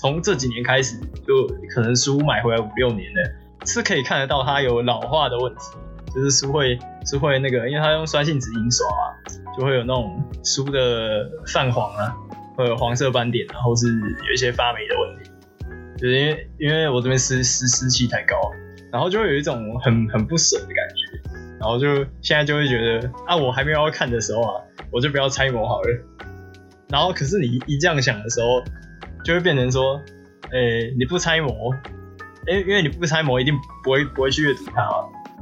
從這幾年開始，就可能書買回來五六年了，是可以看得到它有老化的問題，就是書會書會那個，因為它用酸性紙印刷啊，就會有那種書的泛黃啊，會有黃色斑點、啊，然後是有一些發霉的問題，就因為因為我這邊濕濕濕氣太高。然後就會有一種很很不捨的感覺，然後就現在就會覺得啊，我還沒有要看的時候啊，我就不要拆模好了。然後可是你一，一這樣想的時候，就會變成說，誒，你不拆模，因為因為你不拆模一定不會不會去閱讀它啊，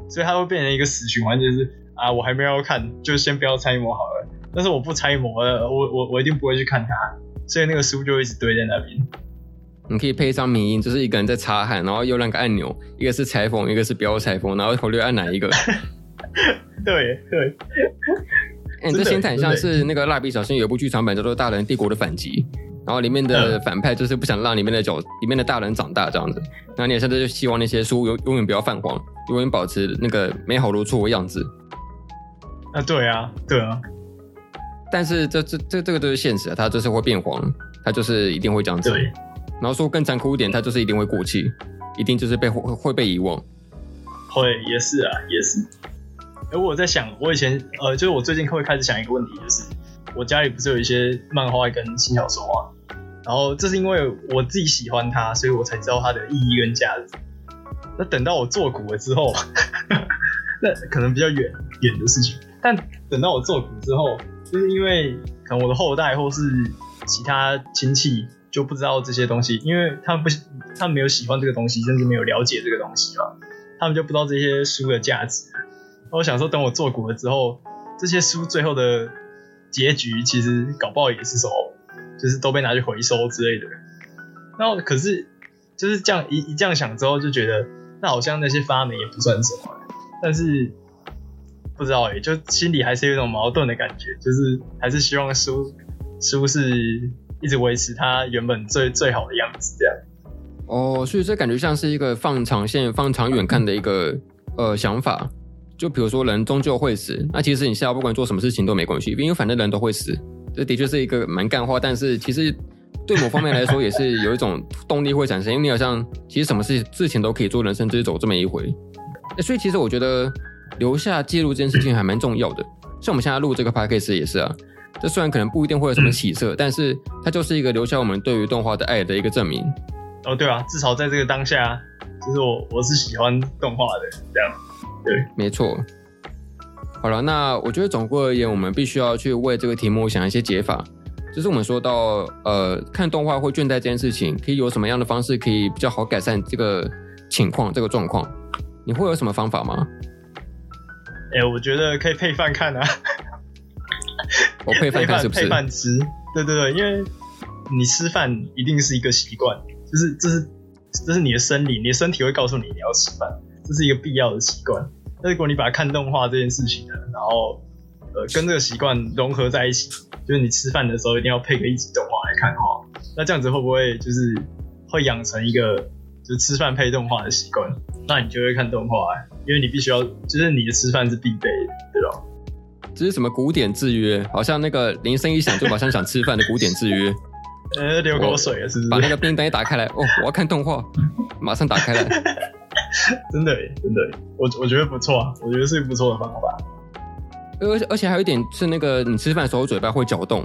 所以它會變成一個死循環，就是啊，我還沒有要看，就先不要拆模好了。但是我不拆模了，我我我一定不會去看它，所以那個書就一直堆在那邊。你可以配上迷因，就是一個人在擦汗，然後有兩個按鈕，一個是裁縫，一個是不要裁縫，然後考慮按哪一個？對 對。哎對，欸、的這心態很像是那個《蠟筆小新》有一部劇場版叫做《大人帝國的反擊》，然後裡面的反派就是不想讓裡面的角，嗯、裡面的大人長大這樣子。那你也現在就希望那些書永永遠不要泛黃，永遠保持那個美好如初的樣子。啊，對啊，對啊。但是這這這這個就是現實啊，它就是會變黃，它就是一定會這樣子。對然後說更殘酷一點，它就是一定會過氣，一定就是被會被遺忘。會也是啊，也是。而、欸、我在想，我以前呃，就是我最近會開始想一個問題，就是我家裡不是有一些漫畫跟輕小說啊？然後這是因為我自己喜歡它，所以我才知道它的意義跟價值。那等到我作古了之後呵呵，那可能比較遠遠的事情。但等到我作古之後，就是因為可能我的後代或是其他親戚。就不知道這些東西，因為他們不，他們沒有喜歡這個東西，甚至沒有了解這個東西嘛，他們就不知道這些書的價值。然後我想說，等我作古了之後，這些書最後的結局，其實搞不好也是說，就是都被拿去回收之類的。然後可是，就是這樣一一這樣想之後，就覺得那好像那些發明也不算什麼。但是不知道也、欸、就心裡還是有一種矛盾的感覺，就是還是希望書書是。一直維持他原本最最好的樣子，這樣。哦，oh, 所以這感覺像是一個放長線、放長遠看的一個呃想法。就比如說，人終究會死，那其實你現在不管做什麼事情都沒關係，因為反正人都會死。這的確是一個蠻幹話，但是其實對某方面來說也是有一種動力會產生， 因為你好像其實什麼事情都可以做，人生就走這麼一回、欸。所以其實我覺得留下記錄這件事情還蠻重要的， 像我們現在錄這個 podcast 也是啊。這雖然可能不一定會有什麼起色，嗯、但是它就是一個留下我們對於動畫的愛的一個證明。哦，對啊，至少在這個當下，就是我我是喜歡動畫的這樣。對，沒錯。好了，那我覺得，總歸而言，我們必須要去為這個題目想一些解法。就是我們說到，呃，看動畫會倦怠這件事情，可以有什麼樣的方式可以比較好改善這個情況、這個狀況？你會有什麼方法嗎？哎、欸，我覺得可以配飯看啊。我配飯配飯吃，對對對，因為你吃飯一定是一個習慣，就是這是這是你的生理，你的身體會告訴你你要吃飯，這是一個必要的習慣。那如果你把它看動畫這件事情呢，然後呃跟這個習慣融合在一起，就是你吃飯的時候一定要配個一集動畫來看哈，那這樣子會不會就是會養成一個就是吃飯配動畫的習慣？那你就會看動畫，因為你必須要，就是你的吃飯是必備的，對吧？這是什麼古典制約？好像那個鈴聲一響，就好像想吃飯的古典制約。 呃流口水了，是不是？把那個冰鐺一打開來。 哦，我要看動畫，馬上打開來。 真的耶，真的耶，我我覺得不錯啊，我覺得是一個不錯的方法。而且而且還有一點是，那個你吃飯的時候嘴巴會嚼動，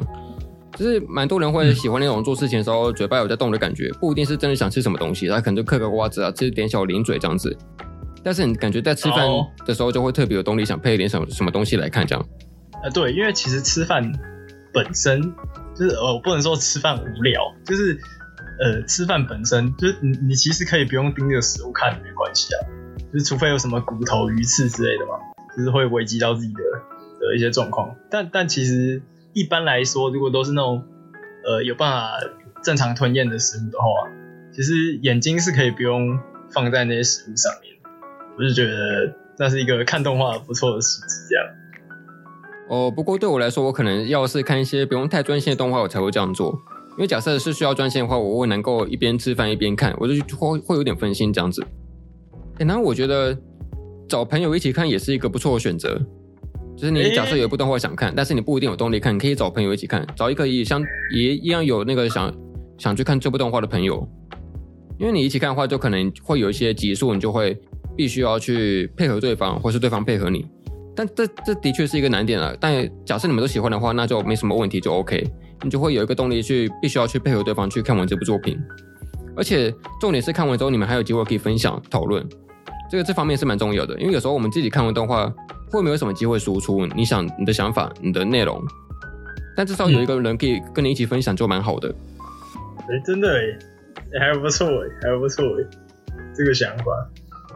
就是蠻多人會喜歡那種做事情的時候嘴巴有在動的感覺，不一定是真的想吃什麼東西，他可能就嗑個瓜子啊，吃點小零嘴這樣子。但是你感覺在吃飯的時候就會特別有動力，想配一點什麼、oh. 什麼東西來看這樣？啊，呃、對，因為其實吃飯本身就是呃，我不能說吃飯無聊，就是呃，吃飯本身就是你你其實可以不用盯着食物看，沒關係啊，就是除非有什麼骨頭、魚刺之類的嘛，就是會危及到自己的的一些狀況。但但其實一般來說，如果都是那種呃有辦法正常吞咽的食物的話、啊，其實眼睛是可以不用放在那些食物上面的。我就覺得那是一個看動畫不錯的時機，這樣。哦，不過對我來說，我可能要是看一些不用太專心的動畫，我才會這樣做。因為假設是需要專心的話，我會難夠一邊吃飯一邊看，我就會會，會有點分心這樣子。然後我覺得找朋友一起看也是一個不錯的選擇。就是你假設有一部動畫想看，誒但是你不一定有動力看，你可以找朋友一起看，找一個也像也一樣有那個想想去看這部動畫的朋友。因為你一起看的話，就可能會有一些集數，你就會。必須要去配合對方，或是對方配合你，但這這的確是一個難點了。但假設你們都喜歡的話，那就沒什麼問題，就 OK。你就會有一個動力去必須要去配合對方去看完這部作品。而且重點是看完之後你們還有機會可以分享討論，這個這方面是蠻重要的。因為有時候我們自己看完動畫會沒有什麼機會輸出，你想你的想法、你的內容，但至少有一個人可以跟你一起分享就蠻好的。嗯、欸、真的哎、欸欸，還不錯哎、欸，還不錯哎、欸，這個想法。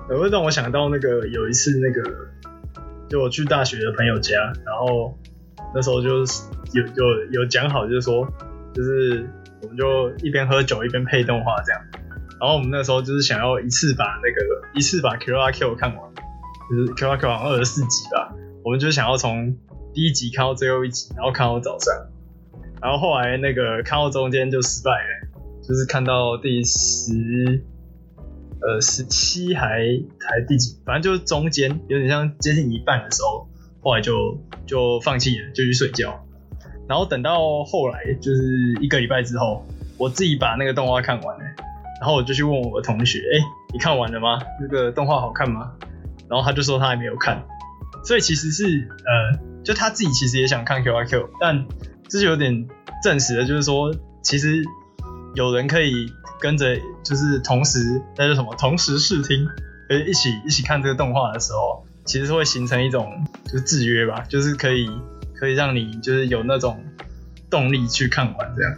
還會讓我想到那個有一次，那個就我去大學的朋友家，然後那時候就是有就有有講好，就是說就是我們就一邊喝酒一邊配動畫這樣，然後我們那時候就是想要一次把那個一次把 Q R Q 看完，就是 Q R Q 完二十四集吧，我們就想要從第一集看到最後一集，然後看到早上，然後後來那個看到中間就失敗了，就是看到第十。呃，十七還還第幾？反正就是中間有點像接近一半的時候，後來就就放棄了，就去睡覺。然後等到後來就是一個禮拜之後，我自己把那個動畫看完了，然後我就去問我的同學：“哎、欸，你看完了嗎？那個動畫好看嗎？”然後他就說他還沒有看，所以其實是呃，就他自己其實也想看 QRQ，但這就有點證實了，就是說其實。有人可以跟着，就是同時，那什麼，同時視聽，一起一起看這個動畫的時候，其實會形成一種就是制約吧，就是可以可以讓你就是有那種動力去看完這樣。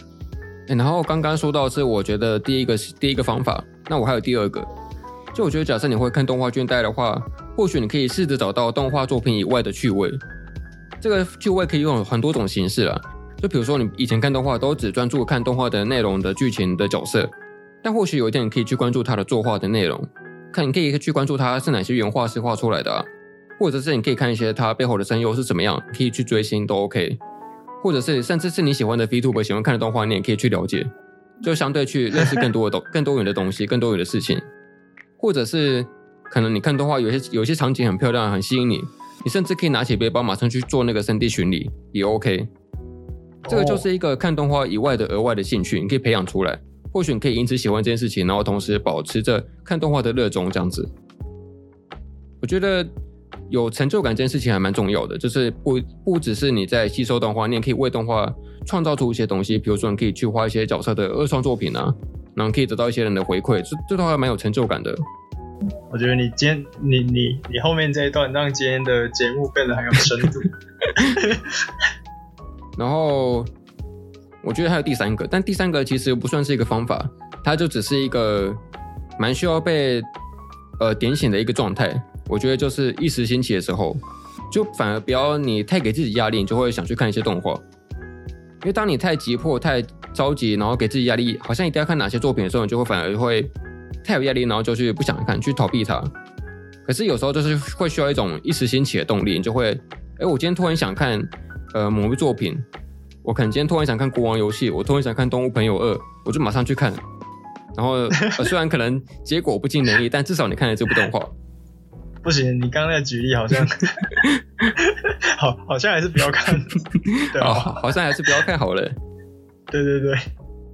欸，然後剛剛說到是我覺得第一個是第一個方法，那我還有第二個，就我覺得假設你會看動畫倦怠的話，或許你可以試着找到動畫作品以外的趣味，這個趣味可以用很多種形式啊就比如說，你以前看動畫都只專注看動畫的內容的劇情的角色，但或許有一天你可以去關注它的作畫的內容，看你可以去關注它是哪些原畫師畫出來的、啊，或者是你可以看一些它背後的聲優是怎麼樣，可以去追星都 OK，或者是甚至是你喜歡的 VTuber 喜歡看的動畫，你也可以去了解，就相對去認識更多的東 更多元的東西，更多元的事情，或者是可能你看動畫有些有些場景很漂亮很吸引你，你甚至可以拿起背包馬上去做那個聖地巡禮也 OK。這個就是一個看動畫以外的額外的興趣，oh. 你可以培養出來。或許你可以因此喜歡這件事情，然後同時保持着看動畫的熱衷，這樣子。我覺得有成就感這件事情還蠻重要的，就是不不只是你在吸收動畫，你也可以為動畫創造出一些東西。比如說，你可以去畫一些角色的二創作品啊，然後可以得到一些人的回饋，這這都還蠻有成就感的。我覺得你今天，你你你後面這一段讓今天的節目變得很有深度。 然後，我覺得還有第三個，但第三個其實不算是一個方法，它就只是一個蠻需要被呃點醒的一個狀態。我覺得就是一時興起的時候，就反而不要你太給自己壓力，你就會想去看一些動畫。因為當你太急迫、太着急，然後給自己壓力，好像一定要看哪些作品的時候，你就會反而會太有壓力，然後就去不想看，去逃避它。可是有時候就是會需要一種一時興起的動力，你就會，哎，我今天突然想看。呃，某個作品，我可能今天突然想看《國王遊戲》，我突然想看《動物朋友二》，我就馬上去看。然後，呃、雖然可能結果不盡人意， 但至少你看了這部動畫。不行，你剛剛那個舉例好像 好，好像還是不要看， 對、哦、好，好像還是不要看好了、欸。對對對，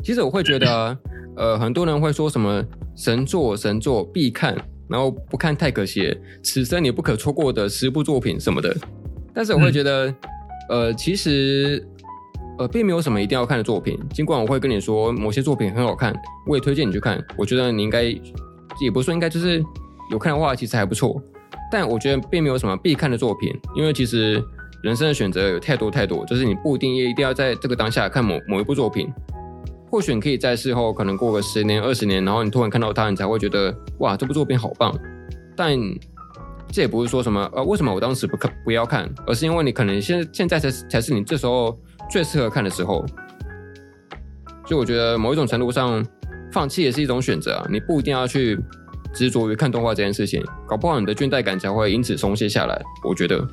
其實我會覺得、啊，呃，很多人會說什麼神作神作必看，然後不看太可惜，此生你不可錯過的十部作品什麼的，但是我會覺得。嗯呃，其實，呃，並沒有什麼一定要看的作品。儘管我會跟你說某些作品很好看，我也推薦你去看。我覺得你應該，也不是說應該，就是有看的話，其實還不錯。但我覺得並沒有什麼必看的作品，因為其實人生的選擇有太多太多，就是你不一定也一定要在這個當下看某某一部作品。或許你可以在事後，可能過個十年二十年，然後你突然看到它，你才會覺得哇，這部作品好棒。但這也不是說什麼，呃、啊，為什麼我當時不看不要看，而是因為你可能現現在才才是你這時候最適合看的時候，就我覺得某一種程度上，放棄也是一種選擇，啊，你不一定要去執着於看動畫這件事情，搞不好你的倦怠感才會因此鬆懈下來。我覺得，哦，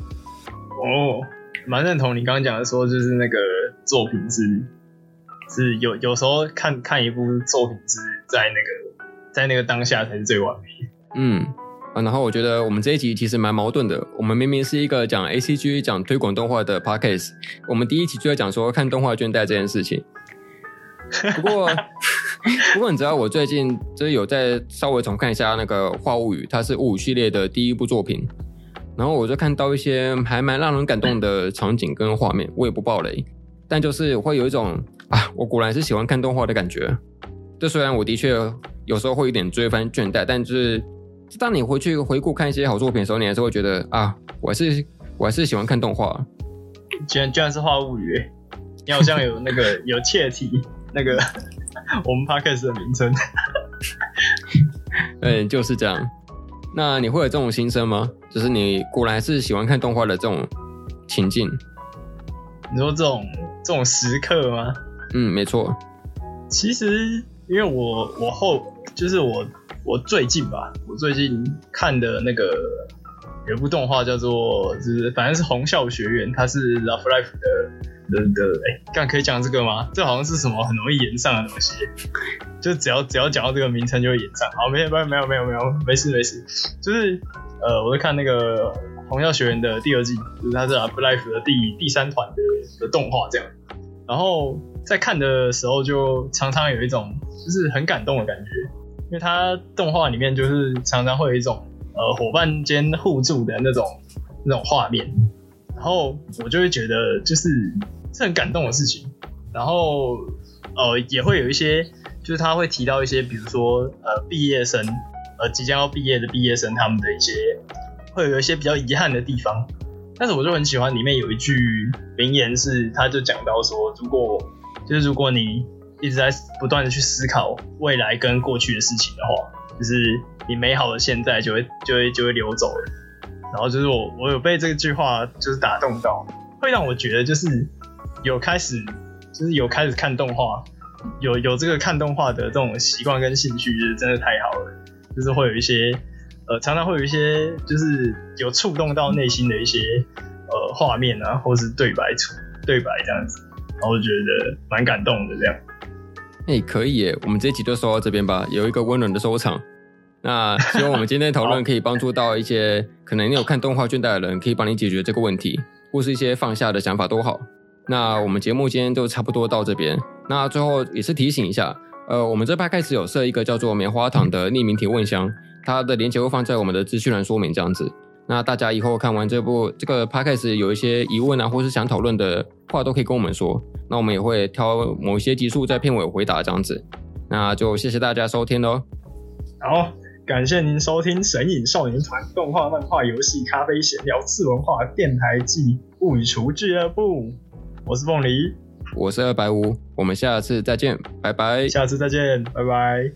蠻認同你剛剛講的，說就是那個作品是是有有時候看看一部作品是在那個在那個當下才是最完美，嗯。啊、然後我覺得我們這一集其實蠻矛盾的。我們明明是一個講 A C G、講推廣動畫的 Podcast，我們第一集就在講說看動畫倦怠這件事情。不過， 不過你知道我最近就是有在稍微重看一下那個《化物語》，它是物語系列的第一部作品，然後我就看到一些還蠻讓人感動的場景跟畫面。我也不暴雷，但就是會有一種啊，我果然是喜歡看動畫的感覺。這雖然我的確有時候會有點追番倦怠，但、就是。當你回去回顧看一些好作品的時候，你還是會覺得啊，我還是我還是喜歡看動畫。居然，居然是化物語，你好像有那個 有切題那個我們 podcast 的名稱。嗯， 就是這樣。那你會有這種心聲嗎？就是你果然是喜歡看動畫的這種情境。你說這種這種時刻嗎？嗯，沒錯。其實因為我我後就是我。我最近吧，我最近看的那個有部動畫叫做，就是反正是虹咲學園，它是 Love Live 的的哎，欸，這樣可以講這個嗎？這好像是什麼很容易炎上的東西， 就只要只要講到這個名稱就會炎上。好，沒有沒有沒有沒有，沒事沒事。就是呃，我在看那個虹咲學園的第二季，就是它是 Love Live 的第第三團的的動畫這樣。然後在看的時候就常常有一種就是很感動的感覺。因為他動畫裡面就是常常會有一種呃夥伴間互助的那種那種畫面，然後我就會覺得就是是很感動的事情，然後呃也會有一些就是他會提到一些比如說呃畢業生呃即將要畢業的畢業生他們的一些會有一些比較遺憾的地方，但是我就很喜歡裡面有一句名言是他就講到說，如果就是如果你。一直在不斷的去思考未來跟過去的事情的話，就是你美好的現在就會就會就會流走了。然後就是我我有被這句話就是打動到，會讓我覺得就是有開始就是有開始看動畫，有有這個看動畫的這種習慣跟興趣，就是真的太好了。就是會有一些呃常常會有一些就是有觸動到內心的一些呃畫面啊，或是對白對對白這樣子，然後我覺得蠻感動的這樣。哎，可以耶，我們這一集就說到這邊吧，有一個溫暖的收場。那希望我們今天討論可以幫助到一些可能你有看動畫倦怠的人，可以幫你解決這個問題，或是一些放下的想法都好。那我們節目今天就差不多到這邊。那最後也是提醒一下，呃，我們這趴開始有設一個叫做棉花糖的匿名提問箱，它的鏈接會放在我們的資訊欄說明這樣子。那大家以後看完這部這個 podcast 有一些疑問啊，或是想討論的話，都可以跟我們說。那我們也會挑某些集數在片尾回答這樣子。那就謝謝大家收聽嘍。好，感謝您收聽神隱少年團動畫、漫畫、遊戲、咖啡閒聊、次文化電台暨物語廚俱樂部。我是鳳梨，我是二百五，我們下次再見，拜拜。下次再見，拜拜。